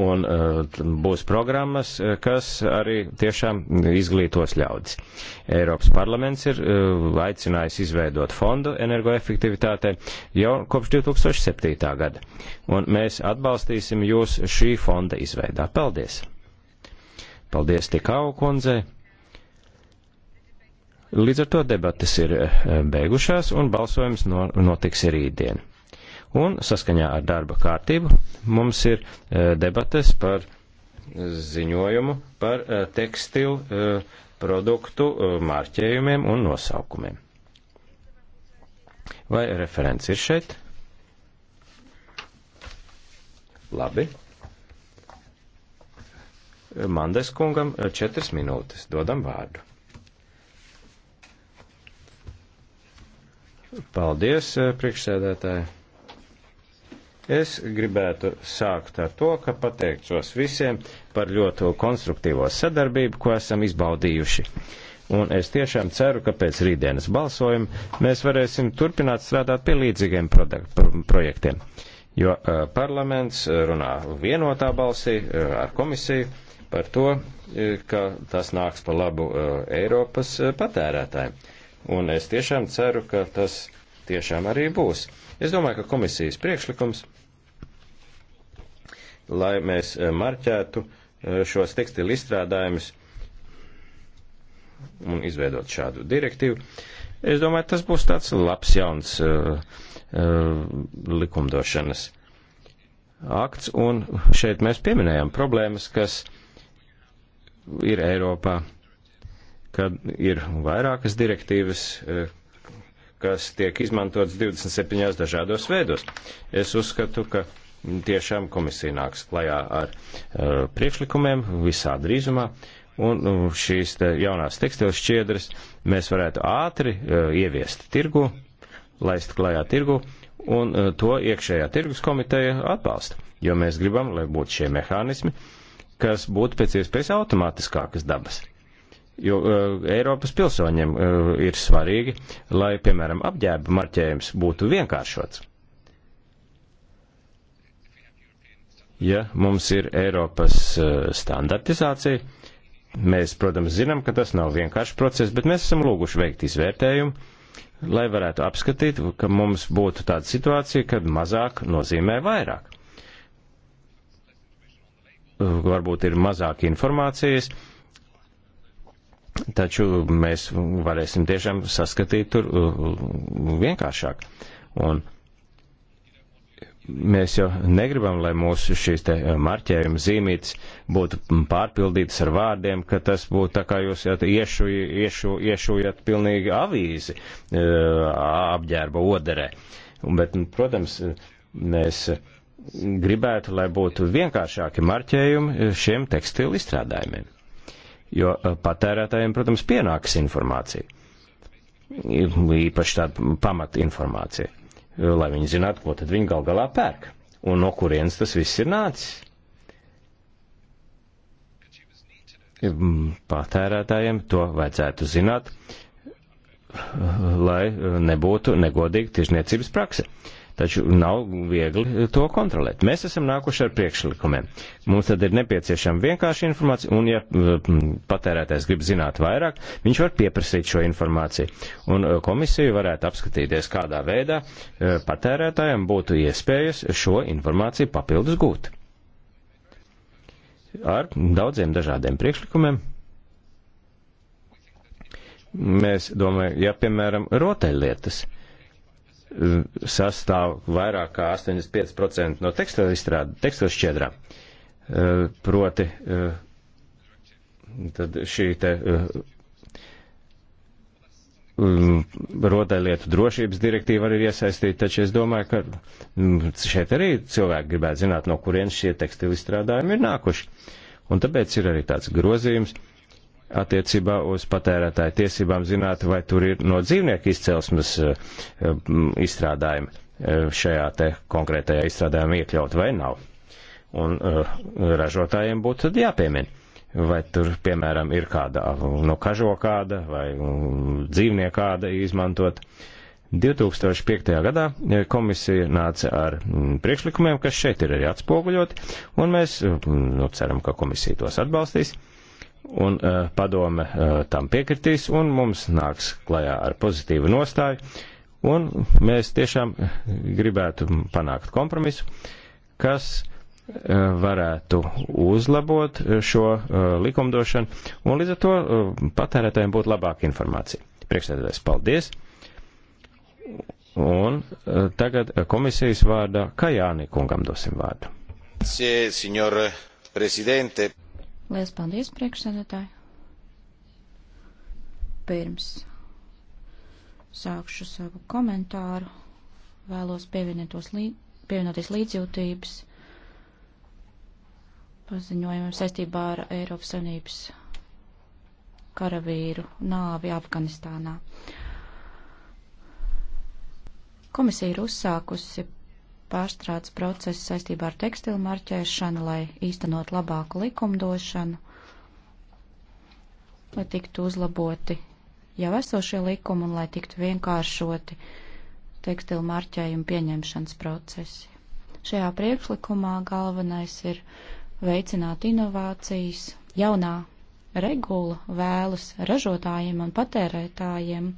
un uh, būs programmas, uh, kas arī tiešām izglītos ļaudis. Eiropas parlaments ir uh, aicinājis izveidot fondu energoefektivitātei jau kopš 2007. gada, un mēs atbalstīsim jūs šī fonda izveidā. Paldies! Paldies Tikau kundzei! Līdz ar to debatas ir beigušās un balsojums notiks rītdien. Un saskaņā ar darba kārtību mums ir e, debates par ziņojumu par e, tekstilu e, produktu mārķējumiem un nosaukumiem. Vai referents ir šeit? Labi. Mandes kungam četras minūtes. Dodam vārdu. Paldies, priekšsēdētāji. Es gribētu sākt ar to, ka pateikšos visiem par ļoti konstruktīvo sadarbību, ko esam izbaudījuši. Un es tiešām ceru, ka pēc rītdienas balsojuma mēs varēsim turpināt strādāt pie līdzīgiem projektiem. Jo parlaments runā vienotā balsī ar komisiju par to, ka tas nāks pa labu Eiropas patērētājiem. Un es tiešām ceru, ka tas tiešām arī būs. Es domāju, ka komisijas priekšlikums, lai mēs eh, marķētu eh, šos tekstilu izstrādājumus un izveidot šādu direktīvu, es domāju, tas būs tāds labs jauns uh, uh, likumdošanas akts, un šeit mēs pieminējam problēmas, kas ir Eiropā, kad ir vairākas direktīvas, uh, kas tiek izmantots 27 dažādos veidos. Es uzskatu, ka tiešām komisija nāks klajā ar uh, priekšlikumiem visā drīzumā, un uh, šīs te jaunās tekstilas šķiedras mēs varētu ātri uh, ieviest tirgu, laist klajā tirgu, un uh, to iekšējā tirgus komiteja atbalsta, jo mēs gribam, lai būtu šie mehānismi, kas būtu pēc iespējas automātiskākas dabas jo uh, Eiropas pilsoņiem uh, ir svarīgi, lai, piemēram, apģērba marķējums būtu vienkāršots. Ja mums ir Eiropas uh, standartizācija, mēs, protams, zinām, ka tas nav vienkāršs process, bet mēs esam lūguši veikt izvērtējumu, lai varētu apskatīt, ka mums būtu tāda situācija, kad mazāk nozīmē vairāk. Varbūt ir mazāk informācijas, uh, taču mēs varēsim tiešām saskatīt tur vienkāršāk. Un mēs jau negribam, lai mūsu šīs te marķējuma zīmītes būtu pārpildītas ar vārdiem, ka tas būtu tā kā jūs jau iešu, iešu, iešujat pilnīgi avīzi e, apģērba oderē. Bet, nu, protams, mēs gribētu, lai būtu vienkāršāki marķējumi šiem tekstilu izstrādājumiem jo eh, patērētājiem, protams, pienāks informācija, īpaši tāda pamat informācija, eh, lai viņi zinātu, ko tad viņi gal galā pērk un no kurienes tas viss ir nācis. Mm, patērētājiem to vajadzētu zināt, eh, lai nebūtu negodīga tiešniecības praksa. Taču nav viegli to kontrolēt. Mēs esam nākuši ar priekšlikumiem. Mums tad ir nepieciešama vienkārša informācija, un ja patērētājs grib zināt vairāk, viņš var pieprasīt šo informāciju. Un e, komisija varētu apskatīties, kādā veidā e, patērētājiem būtu iespējas šo informāciju papildus gūt. Ar daudziem dažādiem priekšlikumiem. Mēs domājam, ja piemēram rotaļlietas. Uh, sastāv vairāk kā 85% no tekstila izstrāda, tekstila šķiedrā. Eh, proti, eh, tad šī te eh, mm, rotaļlietu drošības direktīva arī ir iesaistīta, taču es domāju, ka mm, šeit arī cilvēki gribētu zināt, no kurienes šie tekstili izstrādājumi ir nākuši. Un tāpēc ir arī tāds grozījums, uh, attiecībā uz patērētāju tiesībām zināt, vai tur ir no dzīvnieku izcelsmes eh, izstrādājumi eh, šajā te konkrētajā izstrādājumā iekļaut vai nav. Un eh, ražotājiem būtu tad jāpiemina, vai tur, piemēram, ir kāda mm, no kažo kāda vai mm, dzīvnieku kāda izmantot. 2005. gadā komisija nāca ar mm, priekšlikumiem, kas šeit ir arī atspoguļoti, un mēs nu, ceram, ka komisija tos atbalstīs. Uh, un uh, padome uh, tam piekritīs, un mums nāks klajā ar pozitīvu nostāju, un mēs tiešām gribētu panākt kompromisu, kas uh, varētu uzlabot šo uh, likumdošanu, un līdz ar to uh, patērētājiem būtu labāka informācija. Priekšsēdētājs, paldies! Un uh, tagad komisijas vārdā Kajāni kungam dosim vārdu. Sie, signor, presidente. Lielas paldies, priekšsēdētāji. Pirms sākšu savu komentāru, vēlos līd, pievienoties līdzjūtības paziņojumam saistībā ar Eiropas Savienības karavīru nāvi Afganistānā. Komisija ir uzsākusi pārstrādes procesu saistībā ar tekstilu marķēšanu, lai īstenot labāku likumdošanu, lai tiktu uzlaboti jau esošie likumi un lai tiktu vienkāršoti tekstilu marķējumu pieņemšanas procesi. Šajā priekšlikumā galvenais ir veicināt inovācijas. Jaunā regula vēlas ražotājiem un patērētājiem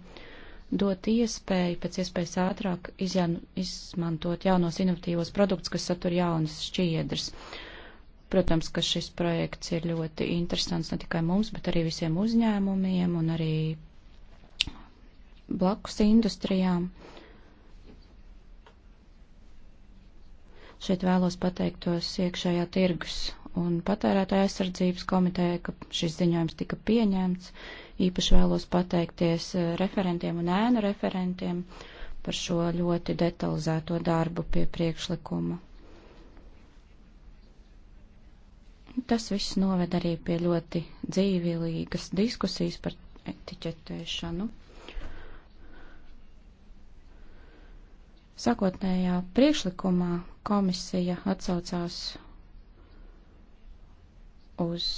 dot iespēju pēc iespējas ātrāk izjan, izmantot jaunos inovatīvos produktus, kas satur jaunas šķiedras. Protams, ka šis projekts ir ļoti interesants ne tikai mums, bet arī visiem uzņēmumiem un arī blakus industrijām. Šeit vēlos pateiktos iekšējā tirgus un patērētāja aizsardzības komiteja, ka šis ziņojums tika pieņemts. Uh, Īpaši vēlos pateikties eh, referentiem un ēnu referentiem par šo ļoti detalizēto darbu pie priekšlikuma. Tas viss noved arī pie ļoti dzīvīgas diskusijas par etiķetēšanu. Sākotnējā priekšlikumā komisija atsaucās uz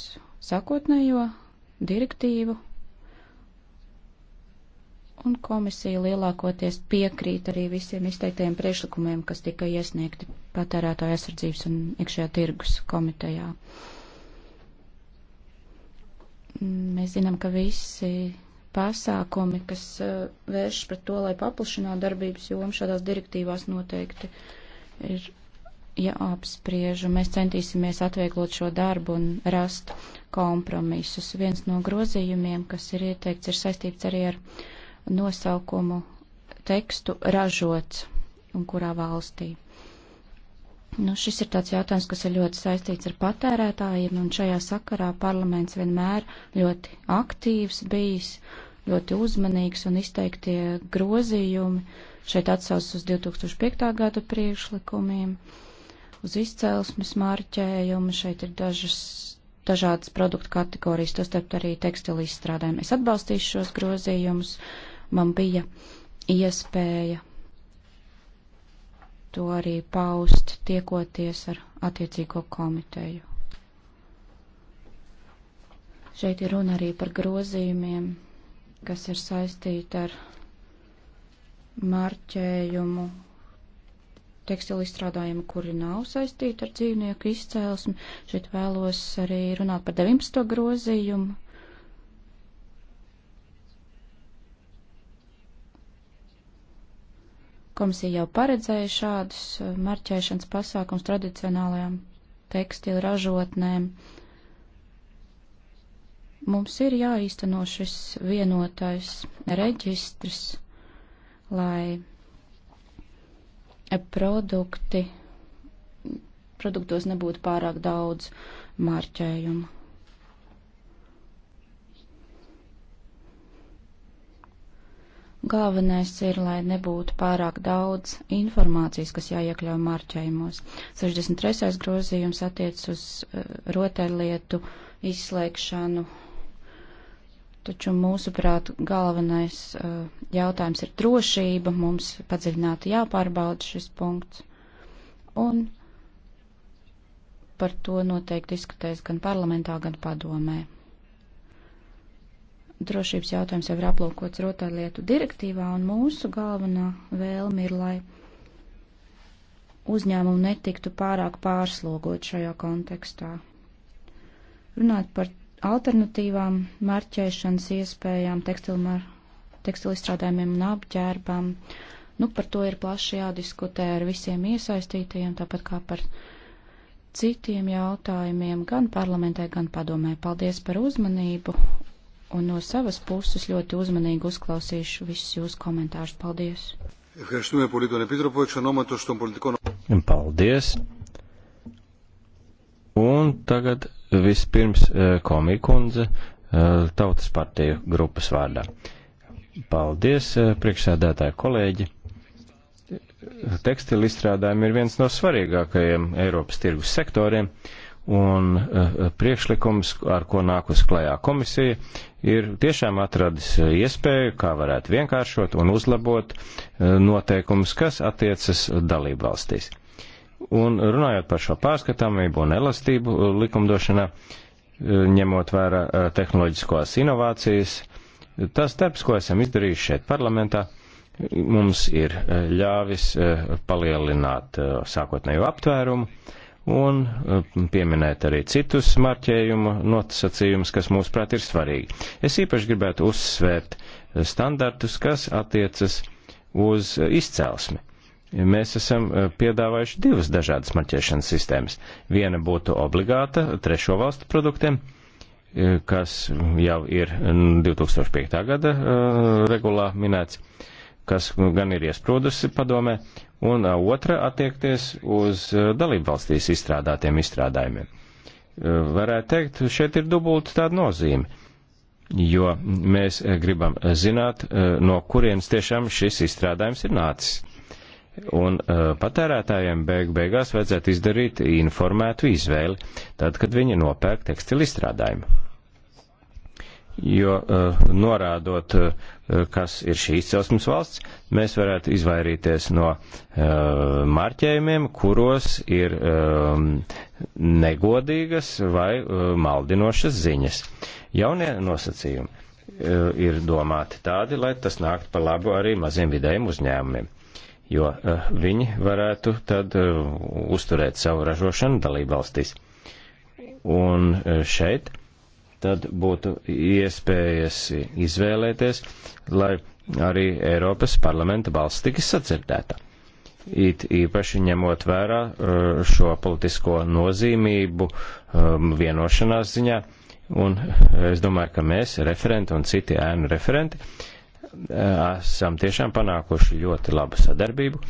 sākotnējo direktīvu un komisija lielākoties piekrīt arī visiem izteiktajiem priekšlikumiem, kas tika iesniegti patērētāju aizsardzības un iekšējā tirgus komitejā. Mēs zinām, ka visi pasākumi, kas eh, vērš pret to, lai paplašinātu darbības jomu šādās direktīvās noteikti ir jāapspriež, un mēs centīsimies atvieglot šo darbu un rast kompromisus. Viens no grozījumiem, kas ir ieteikts, ir saistīts arī ar uh, nosaukumu tekstu ražots un kurā valstī. Nu, šis ir tāds jautājums, kas ir ļoti saistīts ar patērētājiem, un šajā sakarā parlaments vienmēr ļoti aktīvs bijis, ļoti uzmanīgs un izteiktie grozījumi. Šeit atsaucas uz 2005. gada priekšlikumiem, uz izcelsmes mārķējumu, šeit ir dažas dažādas produktu kategorijas, tostarp arī tekstilu izstrādājumu. Es atbalstīšu šos grozījumus. Uh, man bija iespēja to arī paust, tiekoties ar attiecīgo komiteju. Šeit ir runa arī par grozījumiem, kas ir saistīti ar marķējumu tekstilu izstrādājumu, kuri nav saistīti ar dzīvnieku izcēlesmi. Šeit vēlos arī runāt par 19. grozījumu, Komisija jau paredzēja šādus uh, marķēšanas pasākums tradicionālajām tekstilu ražotnēm. Mums ir jāīsteno šis vienotais reģistrs, lai produkti, produktos nebūtu pārāk daudz marķējumu. Galvenais ir, lai nebūtu pārāk daudz informācijas, kas jāiekļauj marķējumos. 63. grozījums attiec uz uh, rotaļlietu izslēgšanu, taču mūsuprāt galvenais uh, jautājums ir drošība, mums padziļināti jāpārbauda šis punkts. Un par to noteikti diskutēs gan parlamentā, gan padomē drošības jautājums jau ir aplūkots rotaļlietu direktīvā, un mūsu galvenā vēlme ir, lai uzņēmumu netiktu pārāk pārslogot šajā kontekstā. Runāt par alternatīvām marķēšanas iespējām, tekstilmar, tekstilizstrādājumiem un apģērbām, nu par to ir plaši jādiskutē ar visiem iesaistītajiem, tāpat kā par citiem jautājumiem gan parlamentē, gan padomē. Paldies par uzmanību un no savas puses ļoti uzmanīgi uzklausīšu visus jūsu komentārus. Paldies! Paldies! Un tagad vispirms eh, komikundze eh, Tautas partiju grupas vārdā. Paldies, eh, priekšsēdētāji kolēģi! Tekstilu izstrādājumi ir viens no svarīgākajiem Eiropas tirgus sektoriem. Uh, un eh, eh, priekšlikums, ar ko nāk uz klajā komisija, ir tiešām atradis eh, iespēju, kā varētu vienkāršot un uzlabot noteikumus, kas attiecas dalību valstīs. Un runājot par šo pārskatāmību un elastību likumdošanā, ņemot vērā tehnoloģiskās inovācijas, tas darbs, ko esam izdarījuši šeit parlamentā, mums ir ļāvis palielināt sākotnējo aptvērumu, un eh, pieminēt arī citus marķējumu nosacījumus, kas mūsuprāt ir svarīgi. Es īpaši gribētu uzsvērt eh, standartus, kas attiecas uz eh, izcelsmi. Mēs esam piedāvājuši divas dažādas marķēšanas sistēmas. Viena būtu obligāta trešo valstu produktiem, kas jau ir 2005. gada regulā minēts, kas gan ir iesprūdusi padomē, un otra attiekties uz dalībvalstīs izstrādātiem izstrādājumiem. Varētu teikt, šeit ir dubulta tāda nozīme, jo mēs gribam zināt, no kurienes tiešām šis izstrādājums ir nācis. Un patērētājiem beig beigās vajadzētu izdarīt informētu izvēli, tad, kad viņi nopērk tekstilu izstrādājumu jo eh, norādot, eh, kas ir šī izcelsmes valsts, mēs varētu izvairīties no eh, marķējumiem, kuros ir negodīgas vai maldinošas ziņas. Jaunie nosacījumi ir domāti tādi, lai tas nākt pa labu arī maziem vidējiem uzņēmumiem, jo viņi varētu tad uzturēt savu ražošanu dalībvalstīs. Un šeit tad būtu iespējas izvēlēties, lai arī Eiropas parlamenta balss tika sadzirdēta. It īpaši ņemot vērā uh, šo politisko nozīmību um, vienošanās ziņā, un es domāju, ka mēs, referenti un citi ēnu referenti, uh, esam tiešām panākuši ļoti labu sadarbību,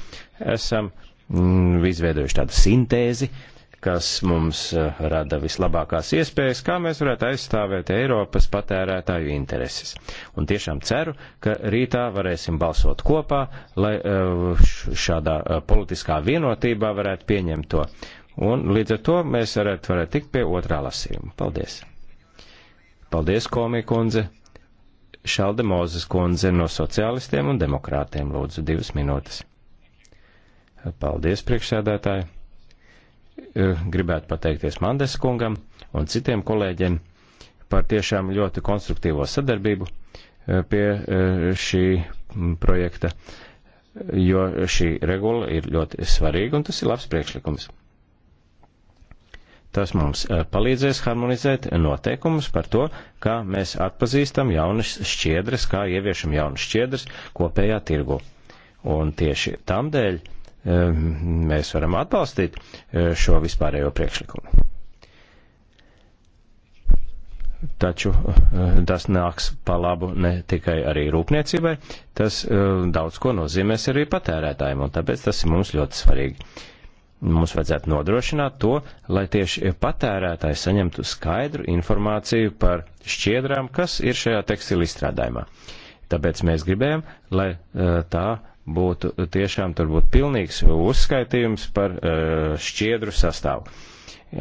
esam mm, izveidojuši tādu sintēzi, uh, kas mums eh, rada vislabākās iespējas, kā mēs varētu aizstāvēt Eiropas patērētāju intereses. Un tiešām ceru, ka rītā varēsim balsot kopā, lai eh, šādā eh, politiskā vienotībā varētu pieņemt to. Un līdz ar to mēs varētu, varētu tikt pie otrā lasījuma. Paldies! Paldies, Komī kundze! Šalde Mozes kundze no sociālistiem un demokrātiem lūdzu divas minūtes. Paldies, priekšsēdētāji! Eh, gribētu pateikties Mandes kungam un citiem kolēģiem par tiešām ļoti konstruktīvo sadarbību eh, pie eh, šī projekta, jo šī regula ir ļoti svarīga un tas ir labs priekšlikums. Tas mums palīdzēs harmonizēt noteikumus par to, kā mēs atpazīstam jaunas šķiedras, kā ieviešam jaunas šķiedras kopējā tirgu. Un tieši tam dēļ Ehm, mēs varam atbalstīt eh, šo vispārējo priekšlikumu. Taču eh, tas nāks pa labu ne tikai arī rūpniecībai, tas eh, daudz ko nozīmēs arī patērētājiem, un tāpēc tas ir mums ļoti svarīgi. Mums vajadzētu nodrošināt to, lai tieši patērētāji saņemtu skaidru informāciju par šķiedrām, kas ir šajā tekstila izstrādājumā. Tāpēc mēs gribējam, lai tā būtu tiešām tur būtu pilnīgs uzskaitījums par e, šķiedru sastāvu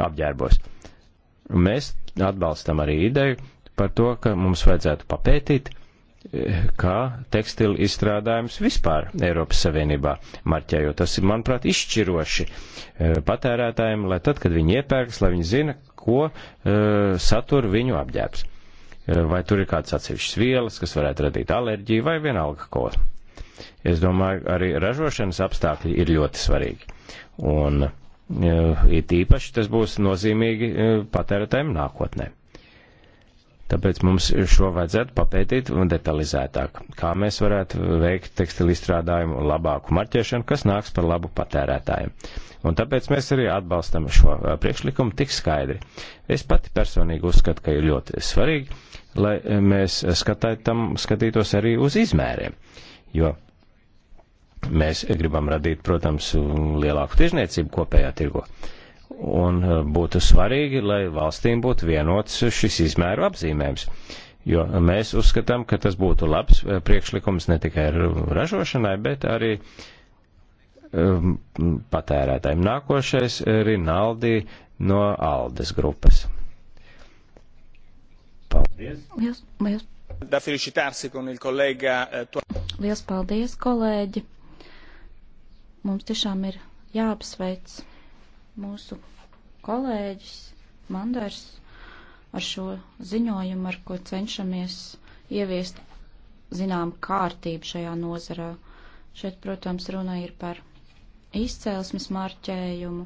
apģērbos. Mēs atbalstam arī ideju par to, ka mums vajadzētu papētīt, e, kā tekstilu izstrādājums vispār Eiropas Savienībā marķējo. Tas ir, manuprāt, izšķiroši e, patērētājiem, lai tad, kad viņi iepērks, lai viņi zina, ko satur viņu apģērbs. Vai tur ir kāds atsevišķs vielas, kas varētu radīt alerģiju vai vienalga ko. Es domāju, arī ražošanas apstākļi ir ļoti svarīgi. Un e, it īpaši tas būs nozīmīgi e, patērētājiem nākotnē. Tāpēc mums šo vajadzētu papētīt un detalizētāk, kā mēs varētu veikt tekstilizstrādājumu labāku marķēšanu, kas nāks par labu patērētājiem. Un tāpēc mēs arī atbalstam šo e, priekšlikumu tik skaidri. Es pati personīgi uzskatu, ka ir ļoti svarīgi, lai mēs skatītam, skatītos arī uz izmēriem. Uh, jo mēs gribam radīt, protams, lielāku tirzniecību kopējā tirgo. Un eh, būtu svarīgi, lai valstīm būtu vienots šis izmēru apzīmējums, jo mēs uzskatām, ka tas būtu labs eh, priekšlikums ne tikai ražošanai, bet arī ehm, patērētājiem. Nākošais eh, Rinaldi no Aldes grupas. Paldies! Liels, liels Eh, Lielas paldies, kolēģi! Mums tiešām ir jāapsveic mūsu kolēģis Mandars ar šo ziņojumu, ar ko cenšamies ieviest zinām kārtību šajā nozarā. Šeit, protams, runa ir par izcēlesmes marķējumu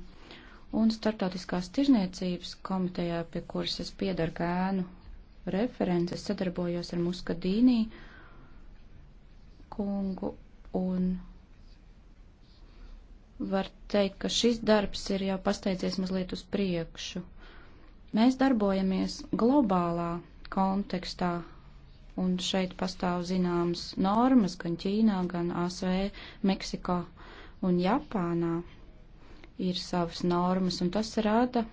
un starptautiskās tirzniecības komitejā, pie kuras es piedaru gēnu referents, es sadarbojos ar Muskadīnī kungu un var teikt, ka šis darbs ir jau pasteicies mazliet uz priekšu. Mēs darbojamies globālā kontekstā, un šeit pastāv zināmas normas gan Ķīnā, gan ASV, Meksikā un Japānā ir savas normas, un tas rada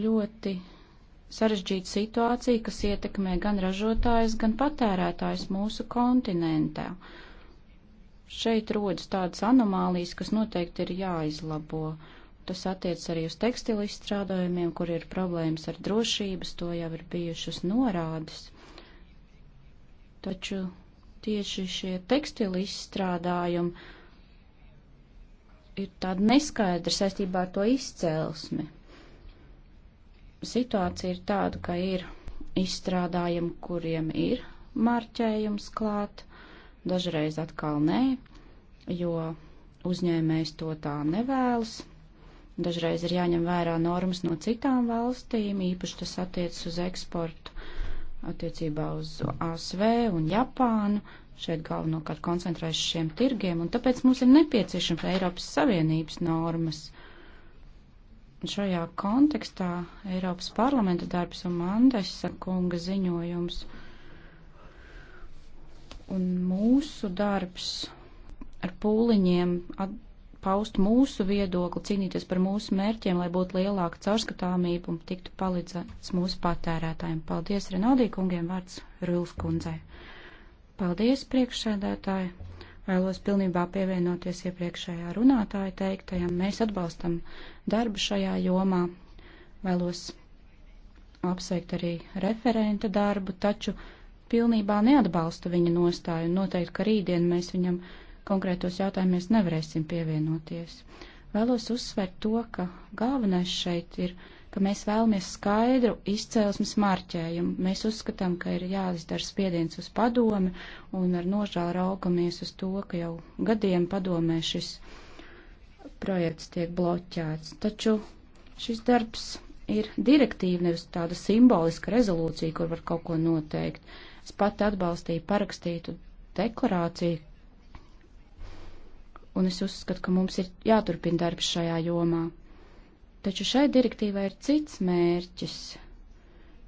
ļoti sarežģīta situācija, kas ietekmē gan ražotājs, gan patērētājs mūsu kontinentā. Šeit rodas tādas anomālijas, kas noteikti ir jāizlabo. Tas attiec arī uz tekstilu izstrādājumiem, kur ir problēmas ar drošības, to jau ir bijušas norādes. Taču tieši šie tekstilu izstrādājumi ir tādi neskaidri saistībā ar to izcēlesmi situācija ir tāda, ka ir izstrādājumi, kuriem ir marķējums klāt, dažreiz atkal nē, jo uzņēmējs to tā nevēlas. Dažreiz ir jāņem vērā normas no citām valstīm, īpaši tas attiecas uz eksportu attiecībā uz ASV un Japānu. Šeit galvenokārt koncentrējas šiem tirgiem, un tāpēc mums ir nepieciešams Eiropas Savienības normas. Uh, šajā kontekstā Eiropas parlamenta darbs un Mandesa kunga ziņojums un mūsu darbs ar pūliņiem at, paust mūsu viedokli, cīnīties par mūsu mērķiem, lai būtu lielāka caurskatāmība un tiktu palīdzēts mūsu patērētājiem. Paldies Renaldī kungiem, vārds Rūls kundzei. Paldies priekšsēdētāji. Vēlos pilnībā pievienoties iepriekšējā runātāja teiktajam. Mēs atbalstam darbu šajā jomā. Vēlos apsveikt arī referenta darbu, taču pilnībā neatbalstu viņa nostāju. Noteikti, ka rītdien mēs viņam konkrētos jautājumies nevarēsim pievienoties. Vēlos uzsvērt to, ka galvenais šeit ir ka mēs vēlamies skaidru izcēlesmes marķējumu. Mēs uzskatām, ka ir jāizdara spiediens uz padomi un ar nožēlu raugamies uz to, ka jau gadiem padomē šis projekts tiek bloķēts. Taču šis darbs ir direktīva, nevis tāda simboliska rezolūcija, kur var kaut ko noteikt. Es pati atbalstīju parakstītu deklarāciju, un es uzskatu, ka mums ir jāturpina darbs šajā jomā. Taču šai direktīvai ir cits mērķis.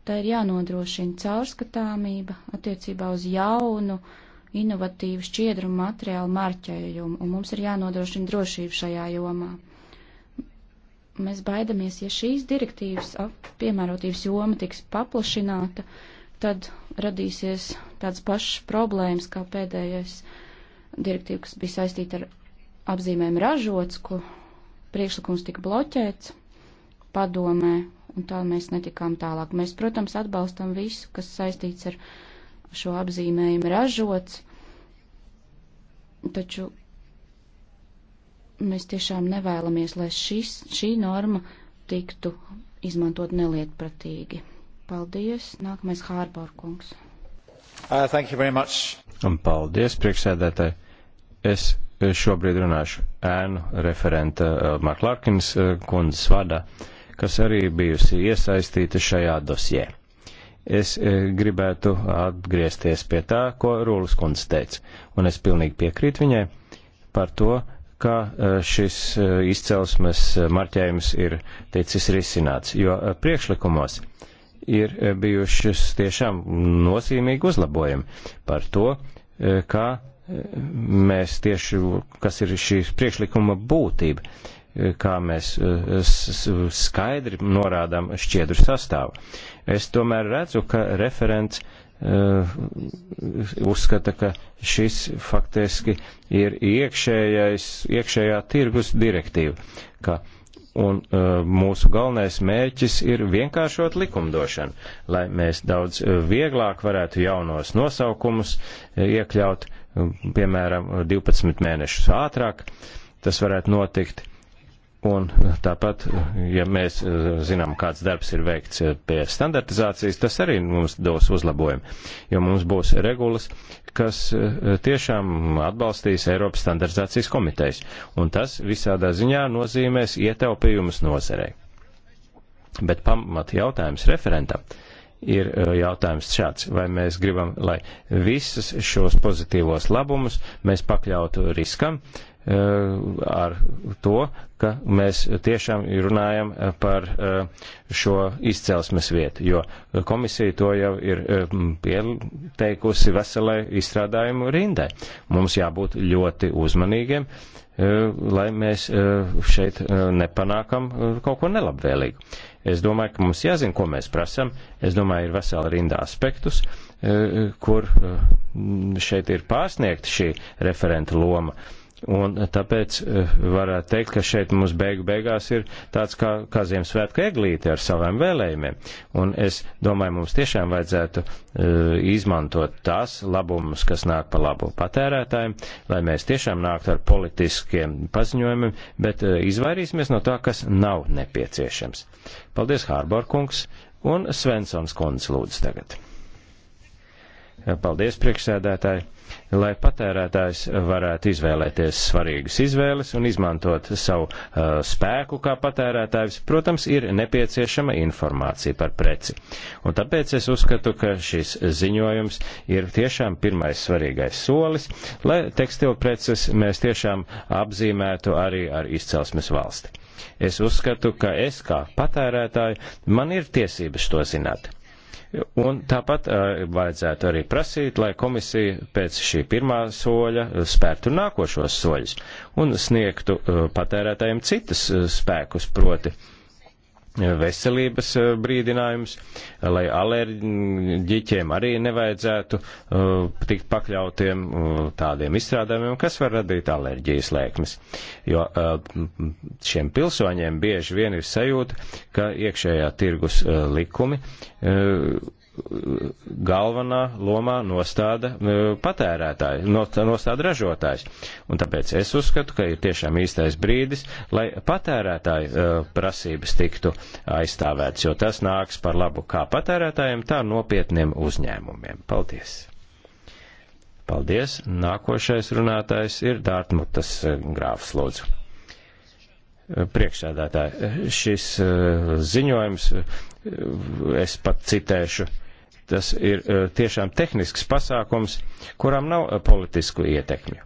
Tā ir jānodrošina caurskatāmība attiecībā uz jaunu, inovatīvu šķiedrumu materiālu marķējumu, un mums ir jānodrošina drošība šajā jomā. Mēs baidamies, ja šīs direktīvas piemērotības joma tiks paplašināta, tad radīsies tādas pašas problēmas kā pēdējais direktīva, kas bija saistīta ar apzīmēm ražots, ko priekšlikums tika bloķēts padomē, un tā mēs netikām tālāk. Mēs, protams, atbalstam visu, kas saistīts ar šo apzīmējumu ražots, taču mēs tiešām nevēlamies, lai šis, šī norma tiktu izmantot nelietpratīgi. Paldies. Nākamais Hārbārkungs. Uh, thank you very much. Un paldies, priekšsēdētāji. Es eh, šobrīd runāšu ēnu referenta uh, eh, Marklārkins uh, eh, kundzes vārdā. Uh, kas arī bijusi iesaistīta šajā dosjē. Es e, gribētu atgriezties pie tā, ko Rūlis kundze teica, un es pilnīgi piekrītu viņai par to, ka e, šis e, izcelsmes marķējums ir ticis risināts, jo priekšlikumos ir bijušas tiešām nozīmīgi uzlabojumi par to, kā mēs tieši, kas ir šīs priekšlikuma būtība kā mēs eh, skaidri norādām šķiedru sastāvu. Es tomēr redzu, ka referents eh, uzskata, ka šis faktiski ir iekšējais, iekšējā tirgus direktīva, ka un uh, mūsu galvenais mērķis ir vienkāršot likumdošanu, lai mēs daudz vieglāk varētu jaunos nosaukumus iekļaut, piemēram, 12 mēnešus ātrāk. Tas varētu notikt. Un tāpat, ja mēs eh, zinām, kāds darbs ir veikts eh, pie standartizācijas, tas arī mums dos uzlabojumu, jo mums būs regulas, kas eh, tiešām atbalstīs Eiropas standartizācijas komitejas. Un tas visādā ziņā nozīmēs ietaupījumus nozarei. Bet pamat jautājums referentam ir jautājums šāds, vai mēs gribam, lai visas šos pozitīvos labumus mēs pakļautu riskam, uh, Eh, ar to, ka mēs tiešām runājam eh, par eh, šo izcelsmes vietu, jo komisija to jau ir pieteikusi veselai izstrādājumu rindai. Mums jābūt ļoti uzmanīgiem, lai mēs šeit nepanākam kaut ko nelabvēlīgu. Es domāju, ka mums jāzina, ko mēs prasam. Es domāju, ir vesela rinda aspektus, kur šeit ir pārsniegta šī referenta loma. Un tāpēc eh, varētu teikt, ka šeit mums beigu beigās ir tāds kā, kā Ziemassvētku eglīte ar saviem vēlējumiem. Un es domāju, mums tiešām vajadzētu uh, izmantot tās labumus, kas nāk pa labu patērētājiem, lai mēs tiešām nāktu ar politiskiem paziņojumiem, bet uh, izvairīsimies no tā, kas nav nepieciešams. Paldies, Hārbor kungs un Svensons kundze lūdzu tagad. Paldies, priekšsēdētāji! Lai patērētājs varētu izvēlēties svarīgas izvēles un izmantot savu uh, spēku kā patērētājs, protams, ir nepieciešama informācija par preci. Un tāpēc es uzskatu, ka šis ziņojums ir tiešām pirmais svarīgais solis, lai tekstilpreces mēs tiešām apzīmētu arī ar izcelsmes valsti. Es uzskatu, ka es kā patērētāji man ir tiesības to zināt. Un tāpat vajadzētu arī prasīt, lai komisija pēc šī pirmā soļa spērtu nākošos soļus un sniegtu patērētājiem citas spēkus proti veselības eh, brīdinājums, lai alerģiķiem arī nevajadzētu eh, tikt pakļautiem eh, tādiem izstrādājumiem, kas var radīt alerģijas lēkmes. Jo šiem pilsoņiem bieži vien ir sajūta, ka iekšējā tirgus likumi galvenā lomā nostāda e, patērētāji, nostāda ražotājs. Un tāpēc es uzskatu, ka ir tiešām īstais brīdis, lai patērētāju e, prasības tiktu aizstāvētas, jo tas nāks par labu kā patērētājiem, tā nopietniem uzņēmumiem. Paldies! Paldies! Nākošais runātājs ir Dārtmutas e, grāfs Lūdzu. Priekšsēdētāji, šis ziņojums, es pat citēšu, Tas ir eh, tiešām tehnisks pasākums, kuram nav eh, politisku ietekmju.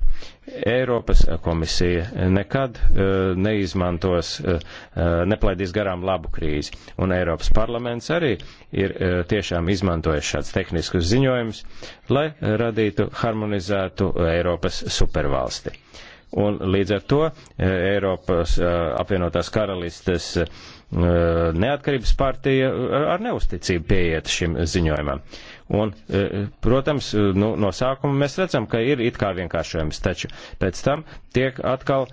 Eiropas eh, komisija nekad neizmantos, neplaidīs garām labu krīzi. Un Eiropas parlaments arī ir tiešām izmantojis šāds tehniskus ziņojumus, lai radītu harmonizētu Eiropas supervalsti. Un līdz ar to Eiropas apvienotās karalistes uh, neatkarības partija ar neusticību pieiet šim ziņojumam. Un, protams, nu, no sākuma mēs redzam, ka ir it kā vienkāršojums, taču pēc tam tiek atkal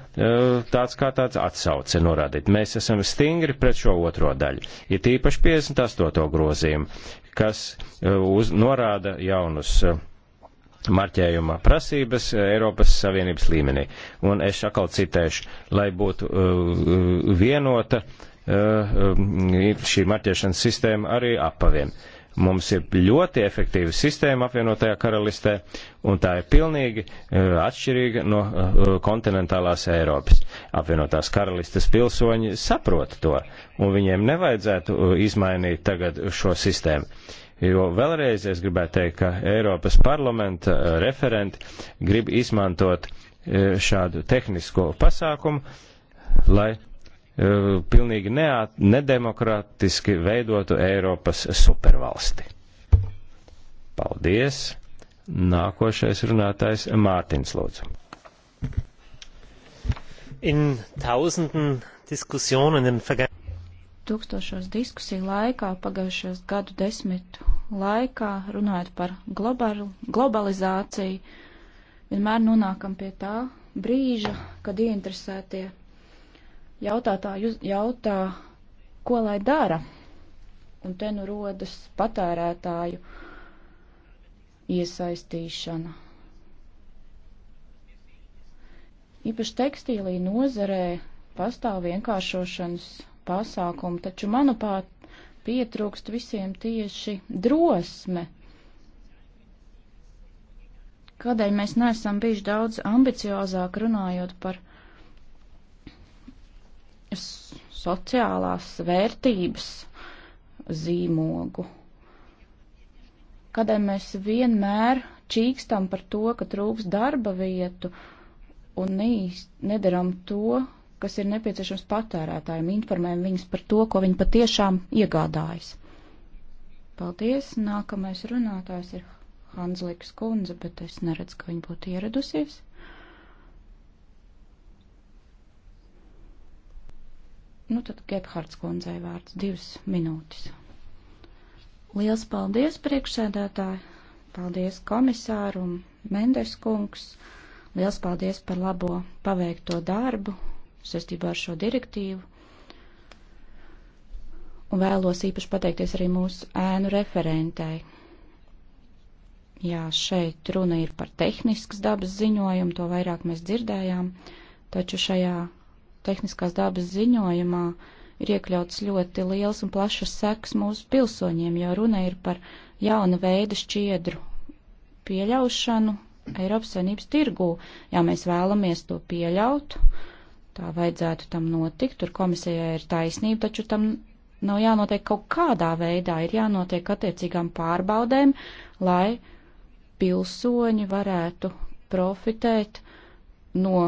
tāds kā tāds atsauce norādīt. Mēs esam stingri pret šo otro daļu, ir tīpaši 58. grozījumu, kas uz, norāda jaunus marķējuma prasības Eiropas Savienības līmenī. Un es atkal citēšu, lai būtu uh, vienota uh, Eh, eh, šī marķēšanas sistēma arī apaviem. Mums ir ļoti efektīva sistēma apvienotajā karalistē, un tā ir pilnīgi eh, atšķirīga no kontinentālās Eiropas. Apvienotās karalistes pilsoņi saprot to, un viņiem nevajadzētu izmainīt tagad šo sistēmu. Jo vēlreiz es gribētu teikt, ka Eiropas parlamenta referenti grib izmantot šādu tehnisko pasākumu, lai Eh, pilnīgi neat, nedemokrātiski veidotu Eiropas supervalsti. Paldies! Nākošais runātājs Mārtiņš Lūdzu. In tausenden diskussionen in vergangenheit tūkstošos diskusiju laikā, pagājušos gadu desmitu laikā, runājot par global, globalizāciju, vienmēr nonākam pie tā brīža, kad ieinteresētie jautātāji jautā, ko lai dara, un te nu rodas patērētāju iesaistīšana. Īpaši tekstīlī nozarē pastāv vienkāršošanas pasākumi, taču, manuprāt, pietrūkst visiem tieši drosme. Kādēļ mēs neesam bijuši daudz ambiciozāk runājot par sociālās vērtības zīmogu. Kādēļ mēs vienmēr čīkstam par to, ka trūks darba vietu un nedaram to, kas ir nepieciešams patērētājiem, informējam viņus par to, ko viņi patiešām iegādājas. Paldies! Nākamais runātājs ir Hanslikas kundze, bet es neredzu, ka viņa būtu ieradusies. Nu tad Gebhards kundzei vārds divas minūtes. Liels paldies priekšsēdētāji, paldies komisārum Mendes kungs, liels paldies par labo paveikto darbu saistībā ar šo direktīvu. Un vēlos īpaši pateikties arī mūsu ēnu referentei. Jā, šeit runa ir par tehniskas dabas ziņojumu, to vairāk mēs dzirdējām, taču šajā tehniskās dabas ziņojumā ir iekļauts ļoti liels un plašs seks mūsu pilsoņiem, jo runa ir par jauna veida šķiedru pieļaušanu Eiropas Savienības tirgū. Ja mēs vēlamies to pieļaut, tā vajadzētu tam notikt, tur komisijai ir taisnība, taču tam nav jānotiek kaut kādā veidā, ir jānotiek attiecīgām pārbaudēm, lai pilsoņi varētu profitēt no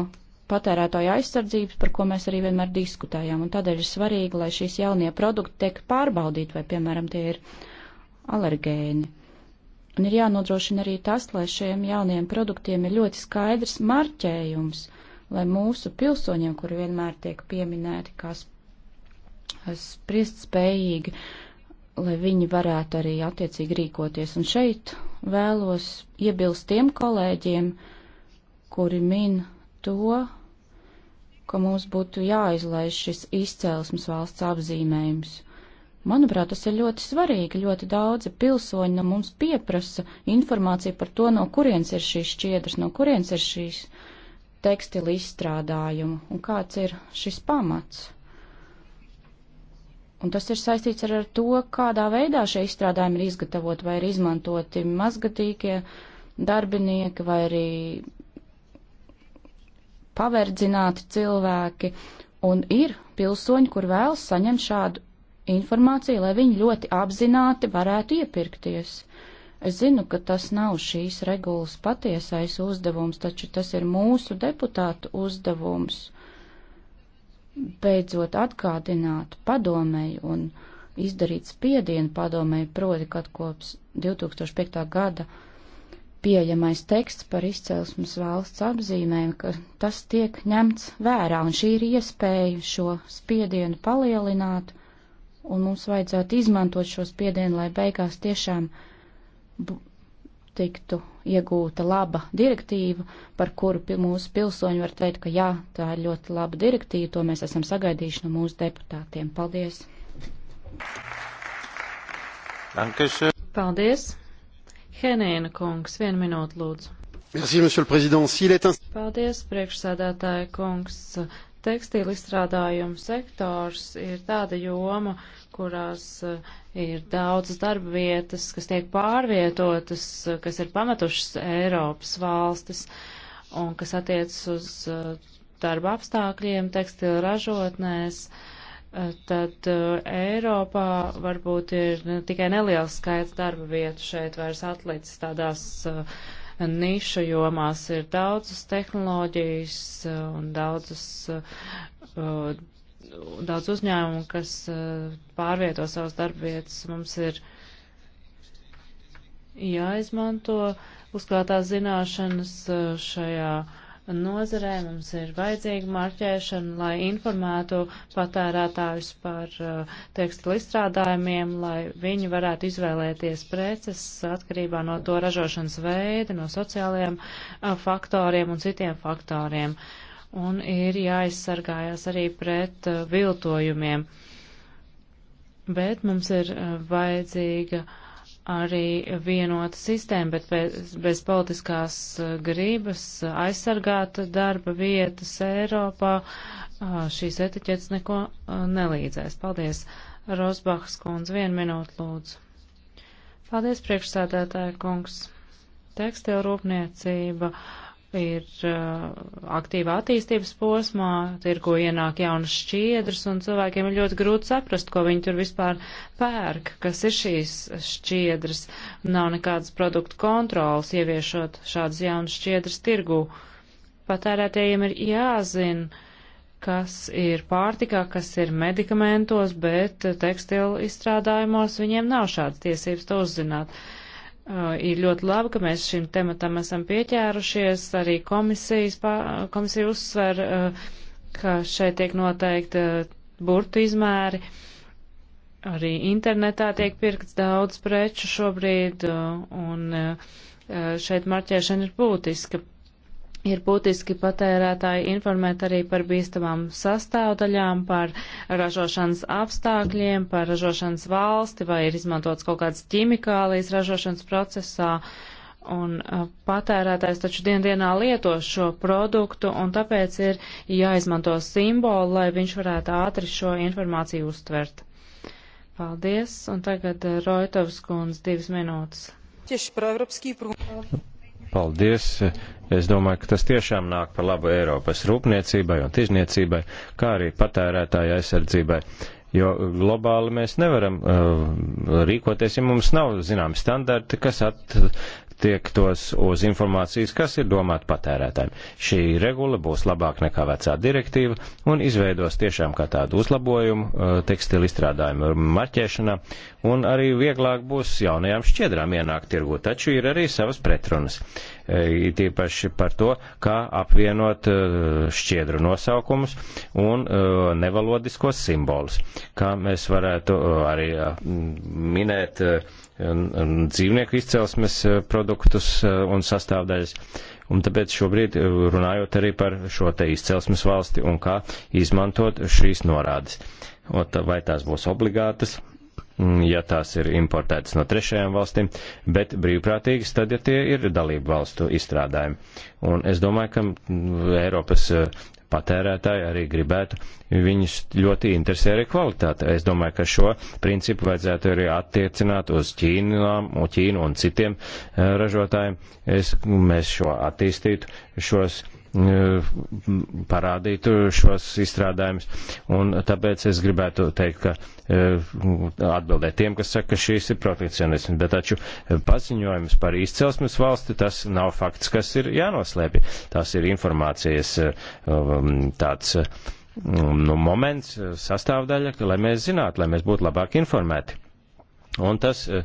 patērētāju aizsardzības, par ko mēs arī vienmēr diskutējām. Un tādēļ ir svarīgi, lai šīs jaunie produkti tiek pārbaudīti, vai, piemēram, tie ir alergēni. Un ir jānodrošina arī tas, lai šiem jaunajiem produktiem ir ļoti skaidrs marķējums, lai mūsu pilsoņiem, kuri vienmēr tiek pieminēti kā spriest spējīgi, lai viņi varētu arī attiecīgi rīkoties. Un šeit vēlos iebilst tiem kolēģiem, kuri min to, ka mums būtu jāizlaiž šis izcēlesmes valsts apzīmējums. Manuprāt, tas ir ļoti svarīgi. Ļoti daudzi pilsoņi no mums pieprasa informāciju par to, no kurienes ir šīs šķiedras, no kurienes ir šīs tekstila izstrādājumu un kāds ir šis pamats. Un tas ir saistīts ar, ar to, kādā veidā šie izstrādājumi ir izgatavoti, vai ir izmantoti mazgatīgie darbinieki, vai arī paverdzināti cilvēki, un ir pilsoņi, kur vēlas saņemt šādu informāciju, lai viņi ļoti apzināti varētu iepirkties. Es zinu, ka tas nav šīs regulas patiesais uzdevums, taču tas ir mūsu deputātu uzdevums beidzot atgādināt padomēju un izdarīt spiedienu padomēju proti, kad kopš 2005. gada pieejamais teksts par izcelsmes valsts apzīmēm, ka tas tiek ņemts vērā, un šī ir iespēja šo spiedienu palielināt, un mums vajadzētu izmantot šo spiedienu, lai beigās tiešām tiktu iegūta laba direktīva, par kuru mūsu pilsoņi var teikt, ka jā, tā ir ļoti laba direktīva, to mēs esam sagaidījuši no mūsu deputātiem. Paldies! Dankeschön. Paldies! Henēna kungs, vienu minūtu lūdzu. Merci, monsieur le président. S'il est un... Paldies, priekšsēdētāja kungs. Tekstīla izstrādājuma sektors ir tāda joma, kurās eh, ir daudzas darba vietas, kas tiek pārvietotas, eh, kas ir pametušas Eiropas valstis un kas attiecas uz eh, darba apstākļiem tekstila ražotnēs. Uh, Eh, tad uh, Eiropā varbūt ir ne tikai neliels skaits darba vietu šeit vairs atlicis tādās uh, eh, nišu jomās. Ir daudzas tehnoloģijas uh, un daudzas, daudz uzņēmumu, kas pārvieto savas darba vietas. Mums ir jāizmanto uzkrātās zināšanas šajā nozarē mums ir vajadzīga marķēšana, lai informētu patērētājus par uh, tekstilu izstrādājumiem, lai viņi varētu izvēlēties preces atkarībā no to ražošanas veida, no sociālajiem uh, faktoriem un citiem faktoriem. Un ir jāizsargājās arī pret uh, viltojumiem. Bet mums ir uh, vajadzīga uh, arī vienota sistēma, bet bez, bez politiskās uh, gribas aizsargāt darba vietas Eiropā uh, šīs etiķetes neko uh, nelīdzēs. Paldies, Rosbachs kundze, vienu minūtu lūdzu. Paldies, priekšsādātāja kungs. Tekstilrūpniecība. rūpniecība ir uh, aktīva attīstības posmā, tirgo ienāk jaunas šķiedras, un cilvēkiem ir ļoti grūti saprast, ko viņi tur vispār pērk, kas ir šīs šķiedras. Nav nekādas produktu kontrolas ieviešot šādas jaunas šķiedras tirgu. Patērētējiem ir jāzina, kas ir pārtikā, kas ir medikamentos, bet tekstilu izstrādājumos viņiem nav šādas tiesības to uzzināt. Uh, ir ļoti labi, ka mēs šim tematam esam pieķērušies. Arī komisijas, komisija uzsver, ka šeit tiek noteikti burtu izmēri. Arī internetā tiek pirkts daudz preču šobrīd, un šeit marķēšana ir būtiska. Ir būtiski patērētāji informēt arī par bīstamām sastāvdaļām, par ražošanas apstākļiem, par ražošanas valsti, vai ir izmantots kaut kāds ķimikālijas ražošanas procesā. Un patērētājs taču dien dienā lieto šo produktu, un tāpēc ir jāizmanto simbolu, lai viņš varētu ātri šo informāciju uztvert. Paldies, un tagad Roitovs kundz divas minūtes. Tieši par Eiropas Kīpru. Paldies! Es domāju, ka tas tiešām nāk par labu Eiropas rūpniecībai un tirzniecībai, kā arī patērētāja aizsardzībai. Jo globāli mēs nevaram uh, rīkoties, ja mums nav zināmi standarti, kas at, tiektos uz informācijas, kas ir domāta patērētājiem. Šī regula būs labāk nekā vecā direktīva un izveidos tiešām kā tādu uzlabojumu uh, tekstilu izstrādājumu marķēšanā un arī vieglāk būs jaunajām šķiedrām ienākt tirgu, taču ir arī savas pretrunas. Uh, it īpaši par to, kā apvienot uh, šķiedru nosaukumus un nevalodiskos simbolus, kā mēs varētu arī minēt dzīvnieku izcelsmes eh, produktus eh, un sastāvdaļas. Un tāpēc šobrīd eh, runājot arī par šo te izcelsmes valsti un kā izmantot šīs norādes. Vai tās būs obligātas, mm, ja tās ir importētas no trešajām valstīm, bet brīvprātīgas tad, ja tie ir dalību valstu izstrādājumi. Un es domāju, ka mm, Eiropas patērētāji arī gribētu, viņus ļoti interesē arī kvalitāte. Es domāju, ka šo principu vajadzētu arī attiecināt uz Ķīnām, Ķīnu un citiem eh, ražotājiem. Es, mēs šo attīstītu, šos Eh, parādītu šos izstrādājumus. Un tāpēc es gribētu teikt, ka eh, atbildēt tiem, kas saka, ka šīs ir protekcionisms, bet taču eh, paziņojums par izcelsmes valsti tas nav fakts, kas ir jānoslēpj. Tas ir informācijas um, tāds nu, moments, sastāvdaļa, lai mēs zinātu, lai mēs būtu labāk informēti. Un tas eh,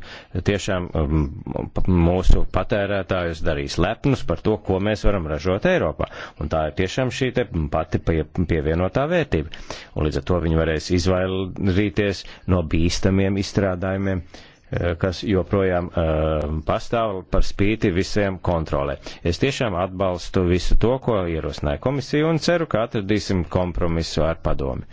tiešām um, mūsu patērētājus darīs lepnus par to, ko mēs varam ražot Eiropā. Un tā ir tiešām šī te pati pievienotā vērtība. Un līdz ar to viņi varēs izvairīties no bīstamiem izstrādājumiem eh, kas joprojām uh, pastāv par spīti visiem kontrolē. Es tiešām atbalstu visu to, ko ierosināja komisija un ceru, ka atradīsim kompromisu ar padomi.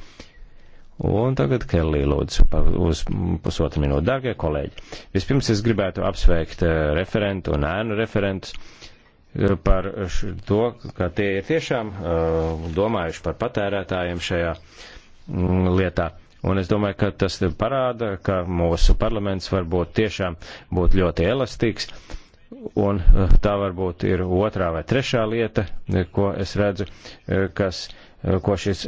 Un tagad Kellī lūdzu pa, uz pusotru minūtu. Dārgie kolēģi, vispirms es gribētu apsveikt eh, referentu un ēnu referentus eh, par to, ka tie ir tiešām eh, domājuši par patērētājiem šajā mm, lietā. Un es domāju, ka tas parāda, ka mūsu parlaments var būt tiešām būt ļoti elastīgs Un eh, tā varbūt ir otrā vai trešā lieta, eh, ko es redzu, eh, kas, ko šis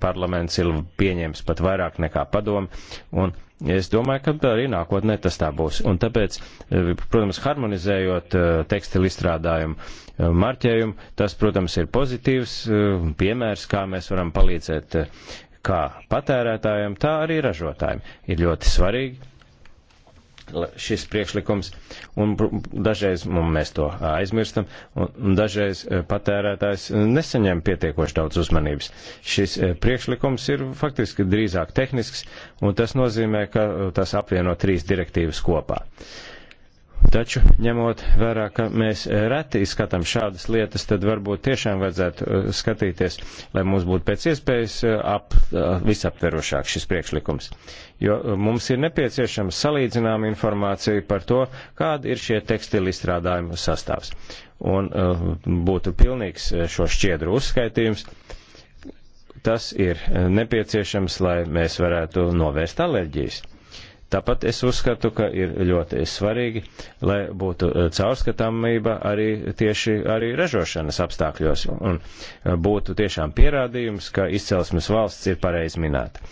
parlaments ir pieņēmis pat vairāk nekā padomu. Un es domāju, ka arī nākotnē tas tā būs. Un tāpēc, protams, harmonizējot tekstilu izstrādājumu marķējumu, tas, protams, ir pozitīvs piemērs, kā mēs varam palīdzēt kā patērētājiem, tā arī ražotājiem. Ir ļoti svarīgi šis priekšlikums, un dažreiz nu, mēs to aizmirstam, un dažreiz patērētājs nesaņem pietiekoši daudz uzmanības. Šis priekšlikums ir faktiski drīzāk tehnisks, un tas nozīmē, ka tas apvieno trīs direktīvas kopā. Uh, Taču, ņemot vērā, ka mēs reti izskatām šādas lietas, tad varbūt tiešām vajadzētu uh, skatīties, lai mums būtu pēc iespējas uh, ap, uh, visaptverošāk šis priekšlikums. Jo mums ir nepieciešama salīdzināma informācija par to, kāda ir šie tekstili izstrādājumu sastāvs. Un būtu pilnīgs šo šķiedru uzskaitījums. Tas ir nepieciešams, lai mēs varētu novērst alerģijas. Tāpat es uzskatu, ka ir ļoti svarīgi, lai būtu eh, caurskatāmība arī tieši arī ražošanas apstākļos un eh, būtu tiešām pierādījums, ka izcelsmes valsts ir pareiz minēta.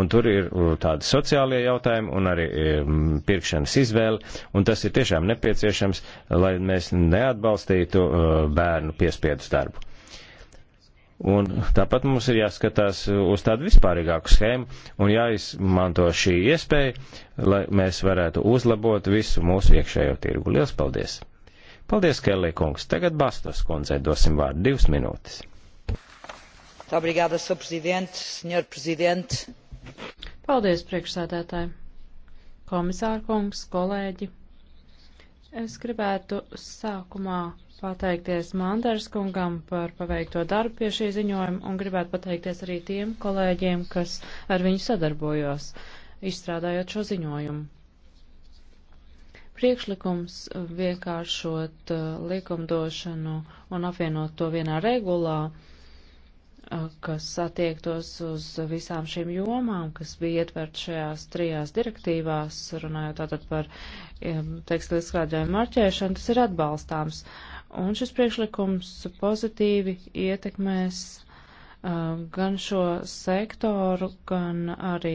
Un tur ir tādi sociālie jautājumi un arī e, pirkšanas izvēle, un tas ir tiešām nepieciešams, lai mēs neatbalstītu e, bērnu piespiedus darbu. Un tāpat mums ir jāskatās uz tādu vispārīgāku schēmu un jāizmanto šī iespēja, lai mēs varētu uzlabot visu mūsu iekšējo tirgu. Lielas paldies! Paldies, Kellī kungs! Tagad Bastos kundzei dosim vārdu divas minūtes. Obrigada, Sr. Prezident, Sr. Prezident. Paldies, priekšsēdētāji! Komisāra kungs, kolēģi! Es gribētu sākumā pateikties Manders kungam par paveikto darbu pie šī ziņojuma un gribētu pateikties arī tiem kolēģiem, kas ar viņu sadarbojos, izstrādājot šo ziņojumu. Priekšlikums vienkāršot uh, likumdošanu un apvienot to vienā regulā kas attiektos uz visām šīm jomām, kas bija ietvert šajās trijās direktīvās, runājot tātad par tekstilis krāģējumu marķēšanu, tas ir atbalstāms. Un šis priekšlikums pozitīvi ietekmēs gan šo sektoru, gan arī